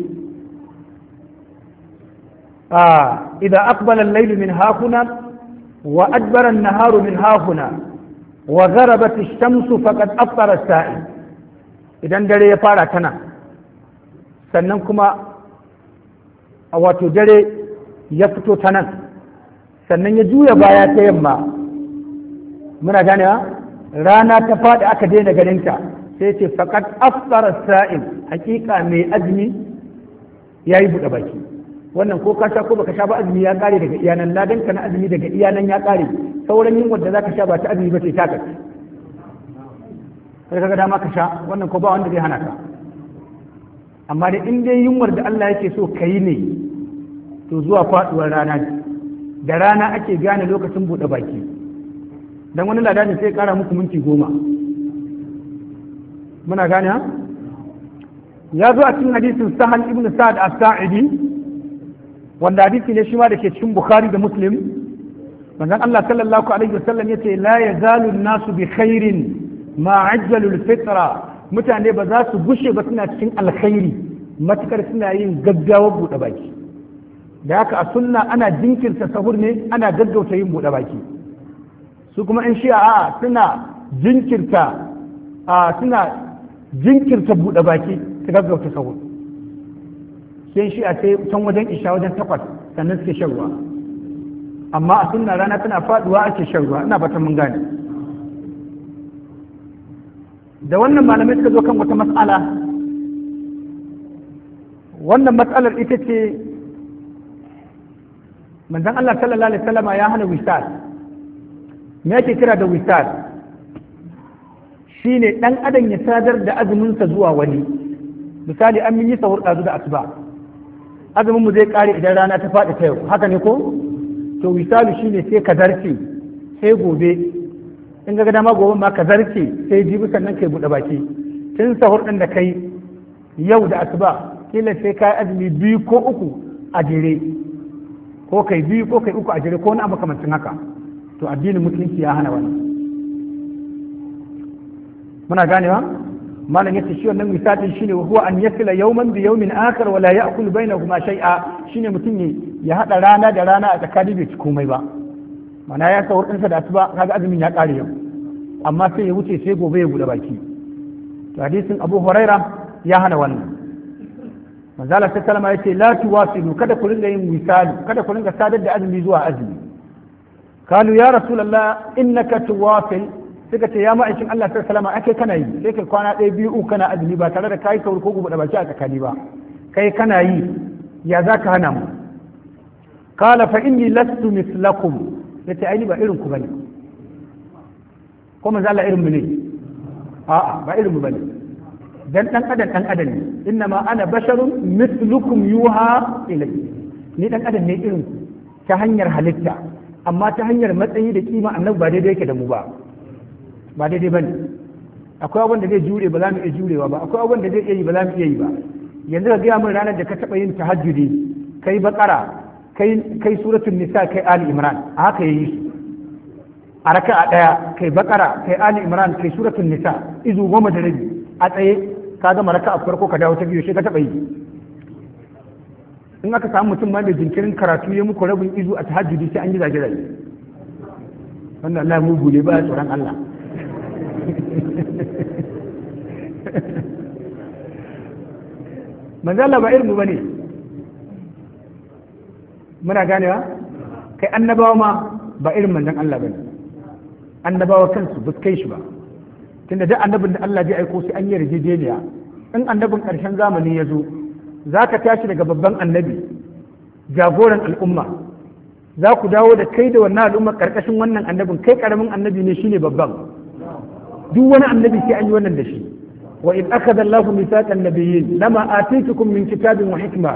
a ah, idan aqbala al-layl min na, wa adbara an-naharu min hahuna wa gharabat ash-shamsu faqad aftara as-sa'i idan dare ya fara tana sannan kuma a wato dare ya fito ta nan sannan ya juya baya ta yamma muna ganewa rana ta faɗi aka daina ganinta sai ce faƙat afsara sa'im hakika mai azumi ya yi buɗe baki wannan ko ka sha ko baka sha ba azumi ya ƙare daga iyanan ladan ka na azumi daga iyanan ya ƙare sauran yin wanda zaka sha ba ta azumi ba ce ta kace sai ga dama ka sha wannan ko ba wanda zai hana ka amma da in dai yunwar da Allah yake so ka yi ne to zuwa faɗuwar rana da rana ake gane lokacin buɗe baki dan wani ladan sai ya ƙara muku minti goma muna gane ya zo a cikin hadisin sahal ibn sa'ad as-sa'idi wanda hadisi ne shi ma da ke cikin bukhari da muslim manzon Allah sallallahu alaihi wasallam yace la yazalu an-nasu bi khairin ma ajjalul fitra mutane ba za su gushe ba suna cikin alkhairi matukar suna yin gaggawar buɗe baki da haka a sunna ana jinkirta sahur ne ana gaggauta yin buɗe baki su kuma in shi'a suna jinkirta suna jinkirta buɗe baki ta gaggauta sahu sai shi a sai can wajen isha wajen takwas sannan suke shan ruwa amma a sunna rana tana faduwa ake shan ruwa ina fatan mun gane da wannan malamai suka zo kan wata matsala wannan matsalar ita ce manzon Allah sallallahu alaihi wasallama ya hana wisal me yake kira da wisal shine ɗan adam ya sadar da azuminsa zuwa wani misali an yi sahur ɗazu da asuba azumin mu zai ƙare idan rana ta faɗi ta yau haka ne ko to misali shi ne sai ka zarce sai gobe in ga dama gobe ma ka zarce sai jibi sannan kai buɗe baki tun sahur ɗin da kai yau da asuba kila sai ka azumi biyu ko uku a jere ko kai biyu ko kai uku a jere ko wani abu kamar haka to addinin musulunci ya hana wannan muna ganewa malam yace shi wannan misali shine huwa an yakila yawman bi yawmin akhar wala ya'kul bainahuma shay'a shine mutum ya hada rana da rana a tsakani bai ci komai ba mana ya wurin sa da asuba kaga azumin ya kare yau amma sai ya wuce sai gobe ya bude baki to hadisin Abu Huraira ya hana wannan manzala alaihi wasallam yace la tuwasilu kada ku ringa yin misali kada ku ringa sadar da azumi zuwa azumi kalu ya rasulullah innaka tuwasil suka ce ya ma'aikin Allah sai salama ake kana yi sai kai kwana ɗaya biyu uku kana azumi ba tare da kayi sauri ko gubuɗa baki a tsakani ba kai kana yi ya za ka hana mu kala fa inni lastu mislakum ya ce ba irin ku bane ko manzo Allah irin mu ne a'a ba irin mu bane dan dan adam dan adam ne inna ma ana basharun mislukum yuha ilayya ni dan adam ne irin ku ta hanyar halitta amma ta hanyar matsayi da kima annabi ba daidai yake da mu ba ba daidai ba ne akwai abin da zai jure ba za mu iya jurewa ba akwai abin da zai iya yi ba za mu iya yi ba yanzu ka gaya min ranar da ka taɓa yin tahajjudi kai bakara kai kai suratul nisa kai ali imran a haka yayi su a a daya kai bakara kai ali imran kai suratul nisa izu goma da rabi a tsaye ka gama raka'a farko ka dawo ta biyu sai ka taɓa yi in aka samu mutum ma mai jinkirin karatu ya muku rabin izu a tahajjudi sai an yi zage wannan Allah mu gode ba tsoron Allah manzala ba irin ba ne muna ganewa kai annabawa ma ba irin manzan Allah ba ne annabawa kansu ba kai shi ba tunda duk annabin da Allah ya aiko sai an yi rijijeniya in annabin ƙarshen zamani ya zo za ka tashi daga babban annabi jagoran al'umma za ku dawo da kai da wannan al'ummar ƙarƙashin wannan annabin kai ƙaramin annabi ne shine babban duk wani annabi sai an yi wannan da shi wa in akhadha Allahu mithaqan nabiyyin lama atitukum min kitabin wa hikma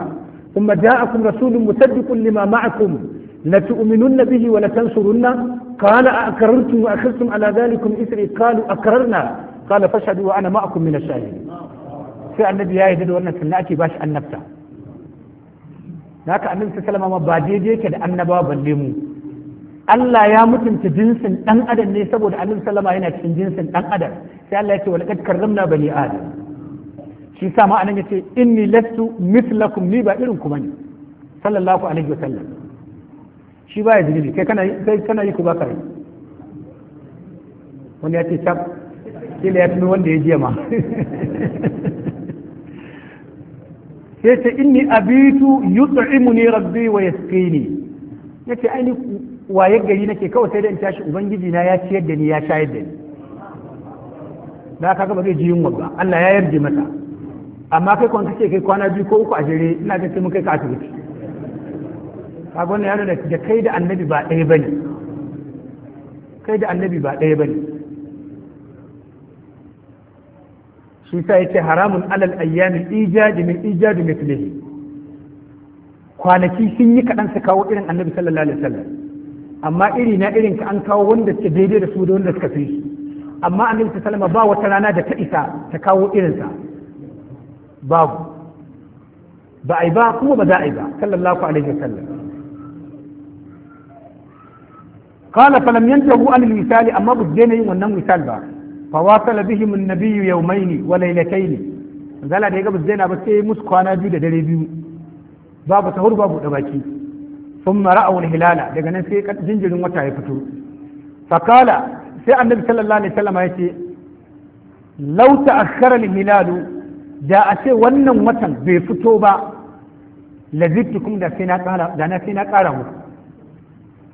thumma ja'akum rasulun musaddiqun lima ma'akum لتؤمنن به ولتنصرنه قال أأكررتم وأخذتم على ذلكم إثري قالوا أكررنا قال ana وأنا معكم من الشاهدين sai annabi ya yarda da wannan sannan ake bashi annabta haka annabi sallallahu alaihi wasallam ba daidai yake da annabawa balle mu Allah ya mutunta jinsin ɗan adam ne saboda annabi sallama yana cikin jinsin ɗan adam sai Allah ya ce walaqad karramna bani adam shi sa ma anan yace inni lastu mithlakum ni ba irin ku bane sallallahu alaihi wa sallam shi ba ya zunubi kai kana kai kana yi ku ba kai wani ya ce tab kila ya tuni wanda ya je ma sai ce inni abitu yut'imuni rabbi wa yasqini ya ce aini waye gari nake kawai sai da in tashi ubangiji na ya ciyar da ni ya shayar da ni da ka gaba zai ji yunwa ba Allah ya yarda mata amma kai kwan kace kai kwana biyu ko uku a jere ina ga mun kai ka asibiti ka wannan ya nuna da kai da annabi ba ɗaya bane kai da annabi ba ɗaya bane shi sa yace haramun alal ayyamin ijadi min ijadi mithlihi kwanaki sun yi kaɗan su kawo irin annabi sallallahu alaihi wasallam amma iri na irin ka an kawo wanda suke daidai da su da wanda suka fi su amma annabi sallallahu alaihi ba wata rana da ta isa ta kawo irin sa babu ba a yi ba kuma ba za a yi ba sallallahu alaihi wasallam قال فلم ينتهوا عن الوصال اما بدين wannan misal ba فواصل بهم النبي يومين وليلتين zala da ya gaba zaina ba sai musu kwana biyu da dare biyu babu sahur babu da baki sun mara a hilala daga nan sai jinjirin wata ya fito fakala sai annabi sallallahu alaihi wasallam ya ce lauta akhara hilalu da a ce wannan watan bai fito ba lazittukum da sai na kara da na sai na kara mu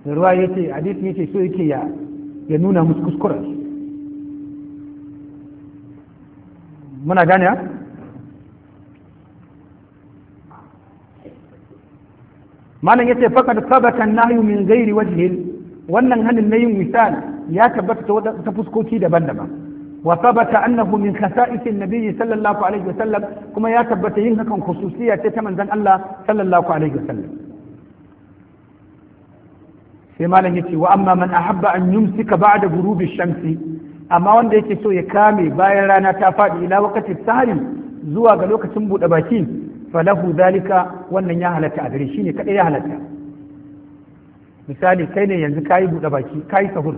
da ruwa yace hadisi yace so yake ya nuna musu kuskuren muna gane malam yace faqad sabata an-nahyu min ghairi wajhin wannan hanin na yin wisal ya tabbata ta fuskoki daban-daban wa sabata annahu min khasa'isin nabiyyi sallallahu alaihi wa sallam kuma ya tabbata yin hakan khususiyya ce ta manzon Allah sallallahu alaihi wa sallam sai malam yace wa amma man ahabba an yumsika ba'da ghurubi shamsi amma wanda yake so ya kame bayan rana ta faɗi ila waqti sahari zuwa ga lokacin buɗe baki falahu zalika wannan ya halatta a gare shi ne kadai ya halatta misali kai ne yanzu kayi buɗe baki kayi sahur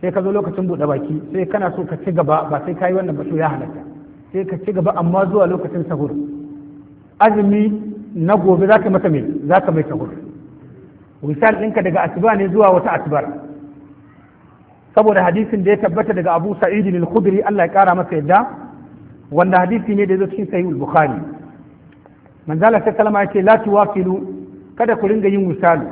sai ka zo lokacin buɗe baki sai kana so ka ci gaba ba sai kayi wannan ba so ya halatta sai ka ci gaba amma zuwa lokacin sahur azumi na gobe za ka masa mai za ka mai sahur misali ɗinka daga asuba ne zuwa wata asubar saboda hadisin da ya tabbata daga abu sa'id al-khudri Allah ya kara masa yadda wanda hadisi ne da ya zo cikin sahih al-bukhari manzala ta kalma ce la tuwafilu kada ku ringa yin misali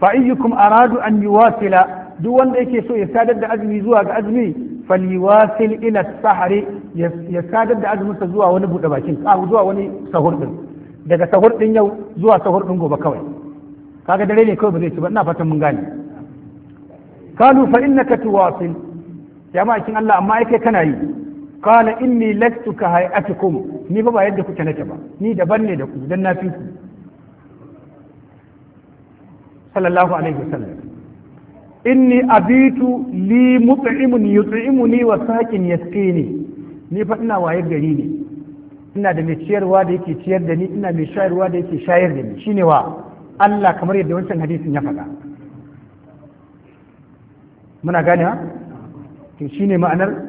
fa ayyukum aradu an yuwasila duk wanda yake so ya sadar da azumi zuwa ga azumi falyuwasil ila sahari ya sadar da azuminsa zuwa wani buɗe bakin ah zuwa wani sahur din daga sahur din yau zuwa sahur din gobe kawai kaga dare ne kawai ba zai ci ba ina fatan mun gane kalu fa innaka tuwasil jama'a kin Allah amma ai kai kana yi kana inni lastu ka hay'atukum ni ba ba yadda kuke nake ba ni daban ne da ku dan na fi ku sallallahu alaihi wasallam inni abitu li mut'imun yut'imuni wa sakin yasqini ni fa ina waye gari ne ina da mai ciyarwa da yake ciyar da ni ina mai shayarwa da yake shayar da ni shine wa Allah kamar yadda wancan hadisin ya faɗa muna gane ha to shine ma'anar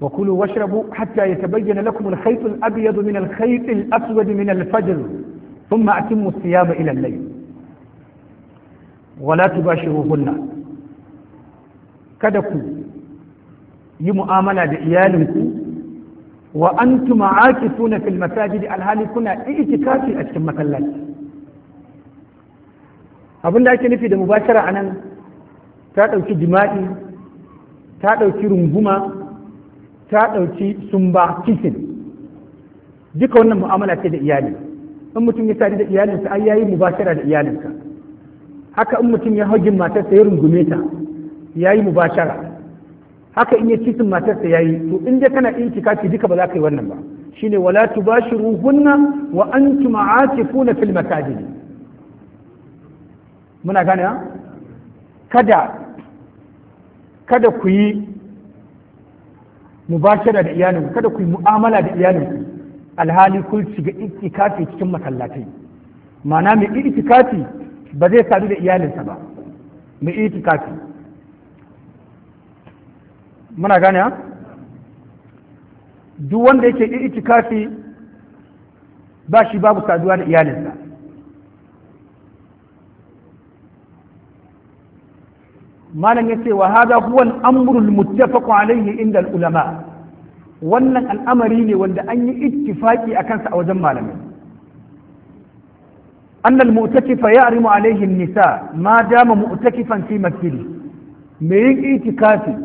وكلوا واشربوا حتى يتبين لكم الخيط الأبيض من الخيط الأسود من الفجر ثم أتموا الصيام إلى الليل ولا تباشروهن كدكم يمؤاملة لإيالكم وأنتم عاكفون في المساجد الهالي كنا إئتكافي أشكم مثلات أبن لا يتنفي مباشرة عنا تاتوا دمائي تاتوا كرنبما ta ɗauki sumba kisin duka wannan mu'amala ce da iyali in mutum ya sadu da iyalinsa ai yayi mubashara da iyalinsa haka in mutum ya hagin matarsa ya rungume ta yayi mubashara haka in ya kisin matarsa yayi to in dai kana iya ci duka ba za ka yi wannan ba shine wala tubashiruhunna wa antum filma fil masajid muna gane kada kada ku yi mubashara da iyalinku kada ku yi mu'amala da iyalinku alhali kun shiga itikafi cikin masallatai ma'ana mai itikafi ba zai sadu da iyalinsa ba mai itikafi muna gane ha duk wanda yake itikafi ba shi babu saduwa da iyalinsa malam ya wa hada huwa al-amru muttafaq alayhi inda al-ulama wannan al'amari ne wanda an yi ittifaki a kansa a wajen malamai an al-mu'takifa ya'rimu alayhi an-nisa ma dama mu'takifan fi masjidi me yin itikafi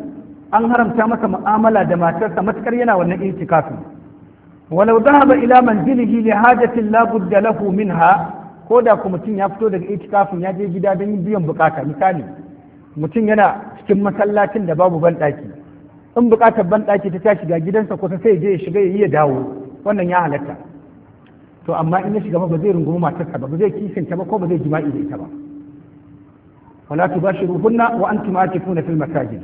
an haramta masa mu'amala da matarsa matakar yana wannan itikafi walau dhahaba ila manzilihi li cin la budda lahu minha ko da kuma mutum ya fito daga itikafin ya je gida don biyan bukata misali mutum yana cikin masallacin da babu banɗaki in buƙatar banɗaki ta ta shiga gidansa kusa sai je ya shiga ya dawo wannan ya halatta to amma in ya shiga ba zai rungumi matarsa ba ba zai kisanta ba ko ba zai jima'i da ita ba wala tubashiruhunna wa antum atifuna fil masajid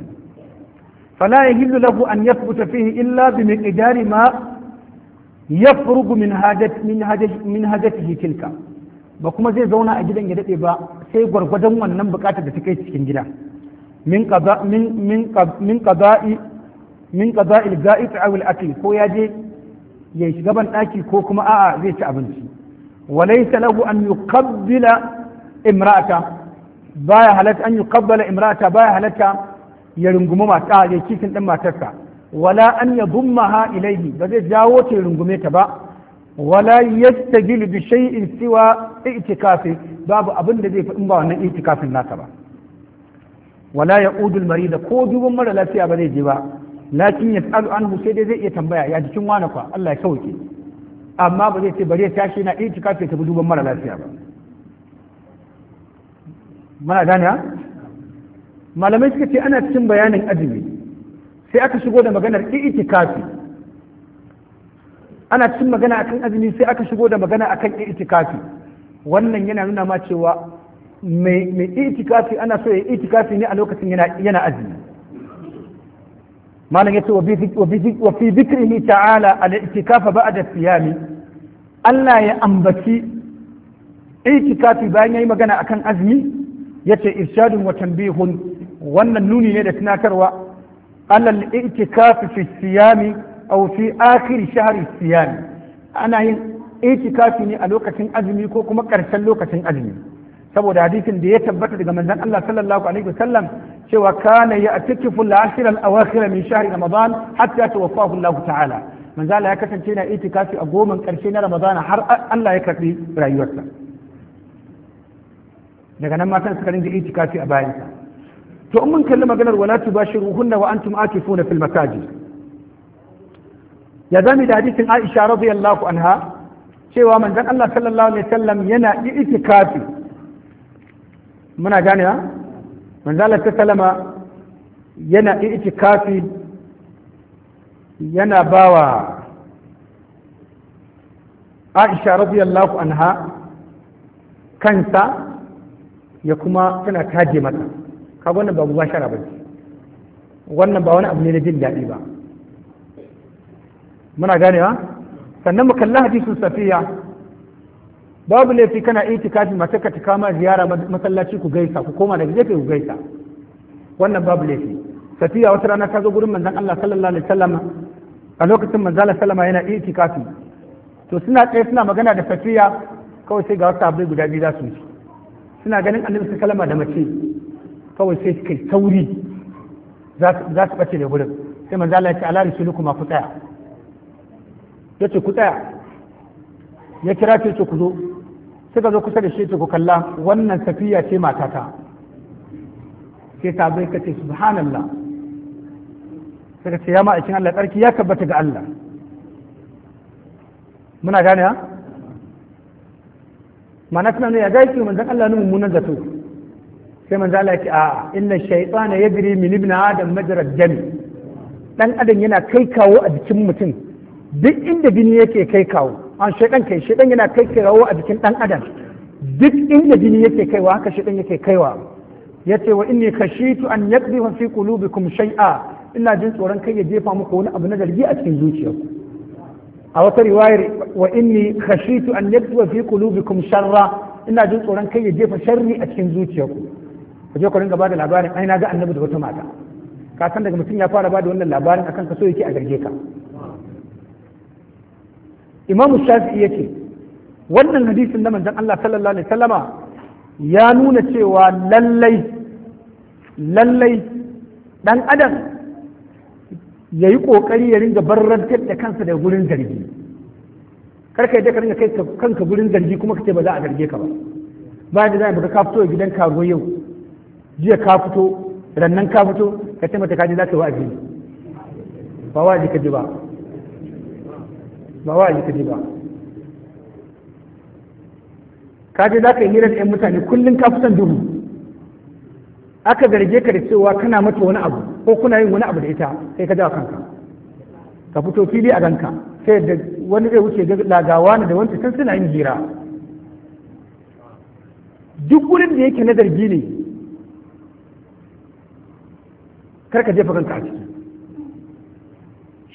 fala yahillu lahu an yathbuta fihi illa bi miqdari ma yafrugu min hajat min hajat min hajatihi tilka ba kuma zai zauna a gidan ya dade ba sai gwargwadon wannan bukatar da ta kai cikin gida min kaza min kaza'i min kaza'il ko ya je ya shiga ban daki ko kuma a'a zai ci abinci walaysa lahu an yuqabbila imra'ata baya halatta an yuqabbala imra'ata baya halatta ya rungumi mata ya kifin din matarsa wala an yadummaha ilayhi ba zai jawo ta rungume ta ba wala yastajilu bi shay'in siwa i'tikafi babu abin da zai fi in ba wannan i'tikafin nasa ba wala ya'udul marida ko duban mara lafiya ba zai je ba lakin yas'alu anhu sai dai zai iya tambaya ya jikin wani kwa Allah ya sauke amma ba zai ce bari ya tashi na i'tikafi ya tafi duban mara lafiya ba muna gane ha malamai suka ce ana cikin bayanin azumi sai aka shigo da maganar i'tikafi ana cikin magana akan azumi sai aka shigo da magana akan itikafi wannan yana nuna ma cewa mai itikafi ana so ya itikafi ne a lokacin yana azumi malam yace wa fi dhikrihi ta'ala al-itikafa ba'da siyami Allah ya ambaci itikafi bayan ya yi magana akan azumi yace irshadun wa tanbihun wannan nuni ne da Allah alal itikafi fi siyami aw fi akhir shahri siyam ana yin itikafi ne a lokacin azumi ko kuma ƙarshen lokacin azumi saboda hadisin da ya tabbata daga manzon Allah sallallahu alaihi wasallam cewa kana ya atikifu al-ashir al-awakhir min shahr ramadan hatta tawaffahu Allah ta'ala manzo Allah ya kasance yana itikafi a goman karshe na ramadan har Allah ya karbi rayuwarsa daga nan matan suka rinka itikafi a bayansa to in mun kalli maganar wala tubashiruhunna wa antum akifuna fil masajid ya zami da hadisin Aisha radiyallahu anha cewa manzon Allah sallallahu alaihi wasallam yana itikafi muna gane ha manzon Allah ta sallama yana itikafi yana bawa Aisha radiyallahu anha kansa ya kuma tana taje mata ka wannan ba mubashara ba wannan ba wani abu ne na jin daɗi ba muna ganewa sannan mu kalli hadisin safiya babu laifi kana itikafi mace ka kama ziyara masallaci ku gaisa ku koma daga gefe ku gaisa wannan babu laifi safiya wata rana ta zo gurin manzon Allah sallallahu alaihi wasallam a lokacin manzon Allah sallama yana itikafi to suna tsaye suna magana da safiya kawai sai ga wasu abu guda biyu za su yi suna ganin annabi sallama da mace kawai sai kai sauri za su bace da gurin sai manzon Allah ya ce ala rusulukum ku tsaya ya ce ku tsaya ya kira ta ce ku zo suka zo kusa da shi ce ku kalla wannan safiya ce matata sai ta bai ka ce subhanallah suka ce ya ma'aikin Allah tsarki ya tabbata ga Allah muna gane ha mana tana ne ya gaiki manzan Allah nun mummunan zato sai manzan Allah ya ce a inna shaytana yajri min ibn adam majra jami dan adam yana kai kawo a jikin mutum duk inda jini yake kai kawo an shaidan kai shaidan yana kai kawo a jikin dan adam duk inda jini yake kaiwa haka shaidan yake kaiwa yace wa inni khashitu an yaqdiha fi qulubikum shay'a ina jin tsoron kai ya jefa muku wani abu na zargi a cikin zuciyarku a wata riwayar wa inni khashitu an yaqdiha fi qulubikum sharra ina jin tsoron kai ya jefa sharri a cikin zuciyarku ku je ku ringa bada labarin ai na ga annabi da wata mata ka san daga mutum ya fara bada wannan labarin akan kaso so yake a garge ka imam shafi'i yake wannan hadisin na manzon Allah sallallahu alaihi wasallama ya nuna cewa lallai lallai dan adam ya yi kokari ya ringa barrantar da kansa daga gurin zargi karka yadda ka ringa kai kanka gurin zargi kuma kace ba za a zarge ka ba bayan da zai baka ka fito gidan karuwa yau jiya ka fito rannan ka fito ka ce mata kaji za ka wa'azi ba wa'azi ka ji ba ba wa ba ka je za ka yi hira da 'yan mutane kullum ka fi son duhu aka zarge ka da cewa kana mata wani abu ko kuna yin wani abu da ita sai ka jawa kanka ka fito fili a ganka sai da wani zai wuce lagawa da wancan can suna yin hira duk wurin da yake na zargi ne karka jefa kanka a ciki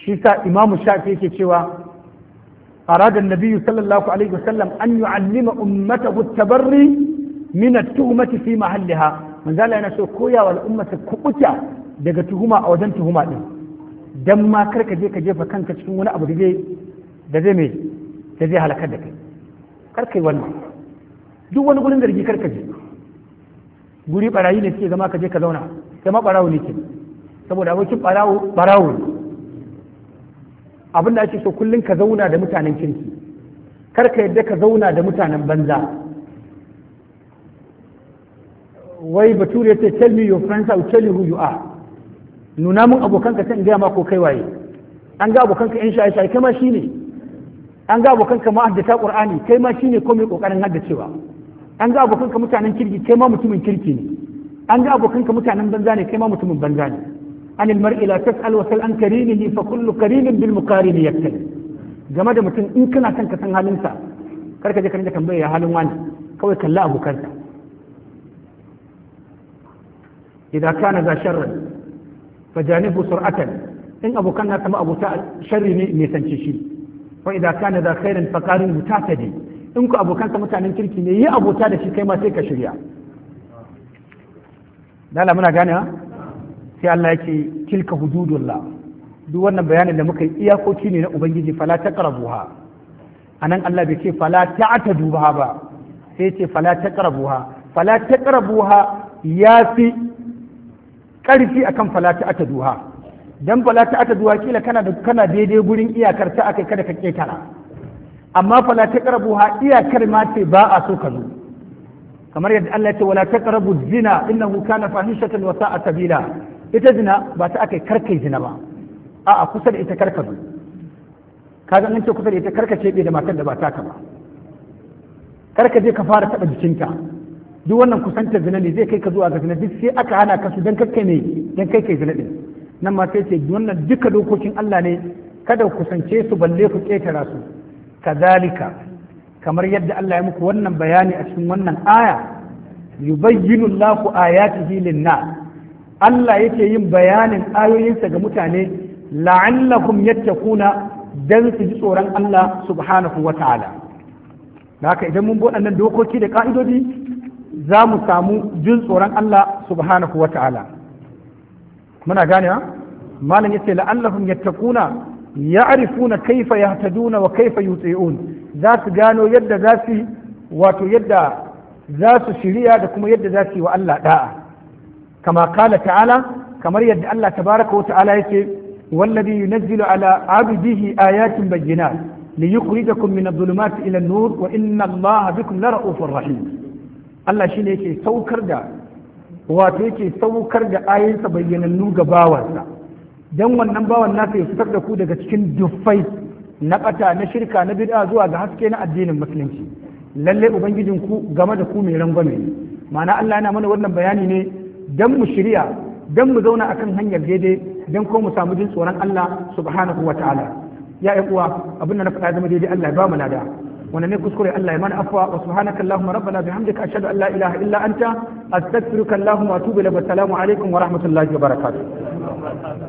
shi sa imamu shafi yake cewa أراد النبي صلى الله عليه وسلم أن يعلم أمته التبري من التهمة في محلها من ذلك أنا سوكويا والأمة كؤتا daga tuhuma a wajen tuhuma ɗin don ma kar ka je ka jefa kanka cikin wani abu da zai halakar da kai kar kai wannan duk wani gurin zargi kar ka je guri barayi ne suke zama ka ka zauna kai ma ne ke saboda abokin barawo barawo ne abin da ake so kullum ka zauna da mutanen kirki kar ka yadda ka zauna da mutanen banza wai bature ya ce tell me your friends will tell you who you are nuna mun abokanka ka in gaya ma ko kai waye an ga abokanka yan shaye shaye kai ma shine an ga abokanka ma haddata qur'ani kai ma shine ko mai kokarin haddacewa an ga abokanka mutanen kirki kai ma mutumin kirki ne an ga abokanka mutanen banza ne kai ma mutumin banza ne an almar'i la tas'al wa sal an karimihi fa kullu karimin bil muqarin yaktal game da mutum in kana son ka san halinsa karka je ka rinka tambaya ya halin wani kawai kalla abokansa idan kana za sharran fa janibu sur'atan in abokan na sama abota sharri ne mai sanci shi wa idan kana za khairan fa qarin mutasadi in ku abokansa mutanen kirki ne yi abota da shi kai ma sai ka shirya dala muna gane sai Allah ya yake tilka hududullah duk wannan bayanin da muka yi iyakoki ne na ubangiji fala ta taqrabuha anan Allah bai ce fala ta ata ba ba sai ce fala ta taqrabuha fala ta ya fi ƙarfi akan fala ta ata duha dan fala ta'taduha kila kana da kana daidai gurin iyakar ta akai kada ka ketara amma fala ta taqrabuha iyakar ma ce ba a so ka zo kamar yadda Allah ya ce wala ta taqrabu zina innahu kana fahishatan wa sa'a tabila. ita zina ba ta aka karkai zina ba a a kusa da ita karka zo ka ga ce kusa da ita karka ce da matar da ba ka ba karka je ka fara taɓa jikinta duk wannan kusantar zina ne zai kai ka zuwa ga zina duk sai aka hana ka su dan kakkai ne dan kai kai zina din nan ma sai ce wannan duka dokokin Allah ne kada ku kusance su balle ku ketara su kadalika kamar yadda Allah ya muku wannan bayani a cikin wannan aya yubayyinu Allahu ayatihi lin-nas Allah yake yin bayanin ayoyinsa ga mutane la'allahum yattaquna dan su ji tsoron Allah subhanahu wa ta'ala haka idan mun waɗannan dokoki da ka'idodi za mu samu jin tsoron Allah subhanahu wa ta'ala muna ganewa malam yace la'allahum yattaquna ya'rifuna kaifa yahtaduna wa kaifa yuti'un za su gano yadda za su wato yadda za su shirya da kuma yadda za su yi wa Allah da'a kama kala ta'ala kamar yadda Allah tabaraka wa ta'ala yake والذي ينزل على عبده آيات بينات ليخرجكم من الظلمات إلى النور وإن الله بكم لرؤوف رحيم Allah shi ne yake saukar da wato yake saukar da ayansa bayyanannu ga bawansa don wannan bawan nasa ya fitar da ku daga cikin duffai na ɓata na shirka na bid'a zuwa ga haske na addinin musulunci lalle ubangijin ku game da ku mai rangwame ma'ana Allah yana mana wannan bayani ne dan mu shirya dan mu zauna akan hanyar daidai dan ko mu samu jin tsoron Allah subhanahu wa ta'ala ya uwa abin da na faɗa zama daidai Allah ba mu lada wannan ne kuskure Allah ya mana afwa wa subhanaka allahumma rabbana bihamdika ashhadu an la ilaha illa anta astaghfiruka allahumma wa atubu ilayka alaikum wa rahmatullahi wa barakatuh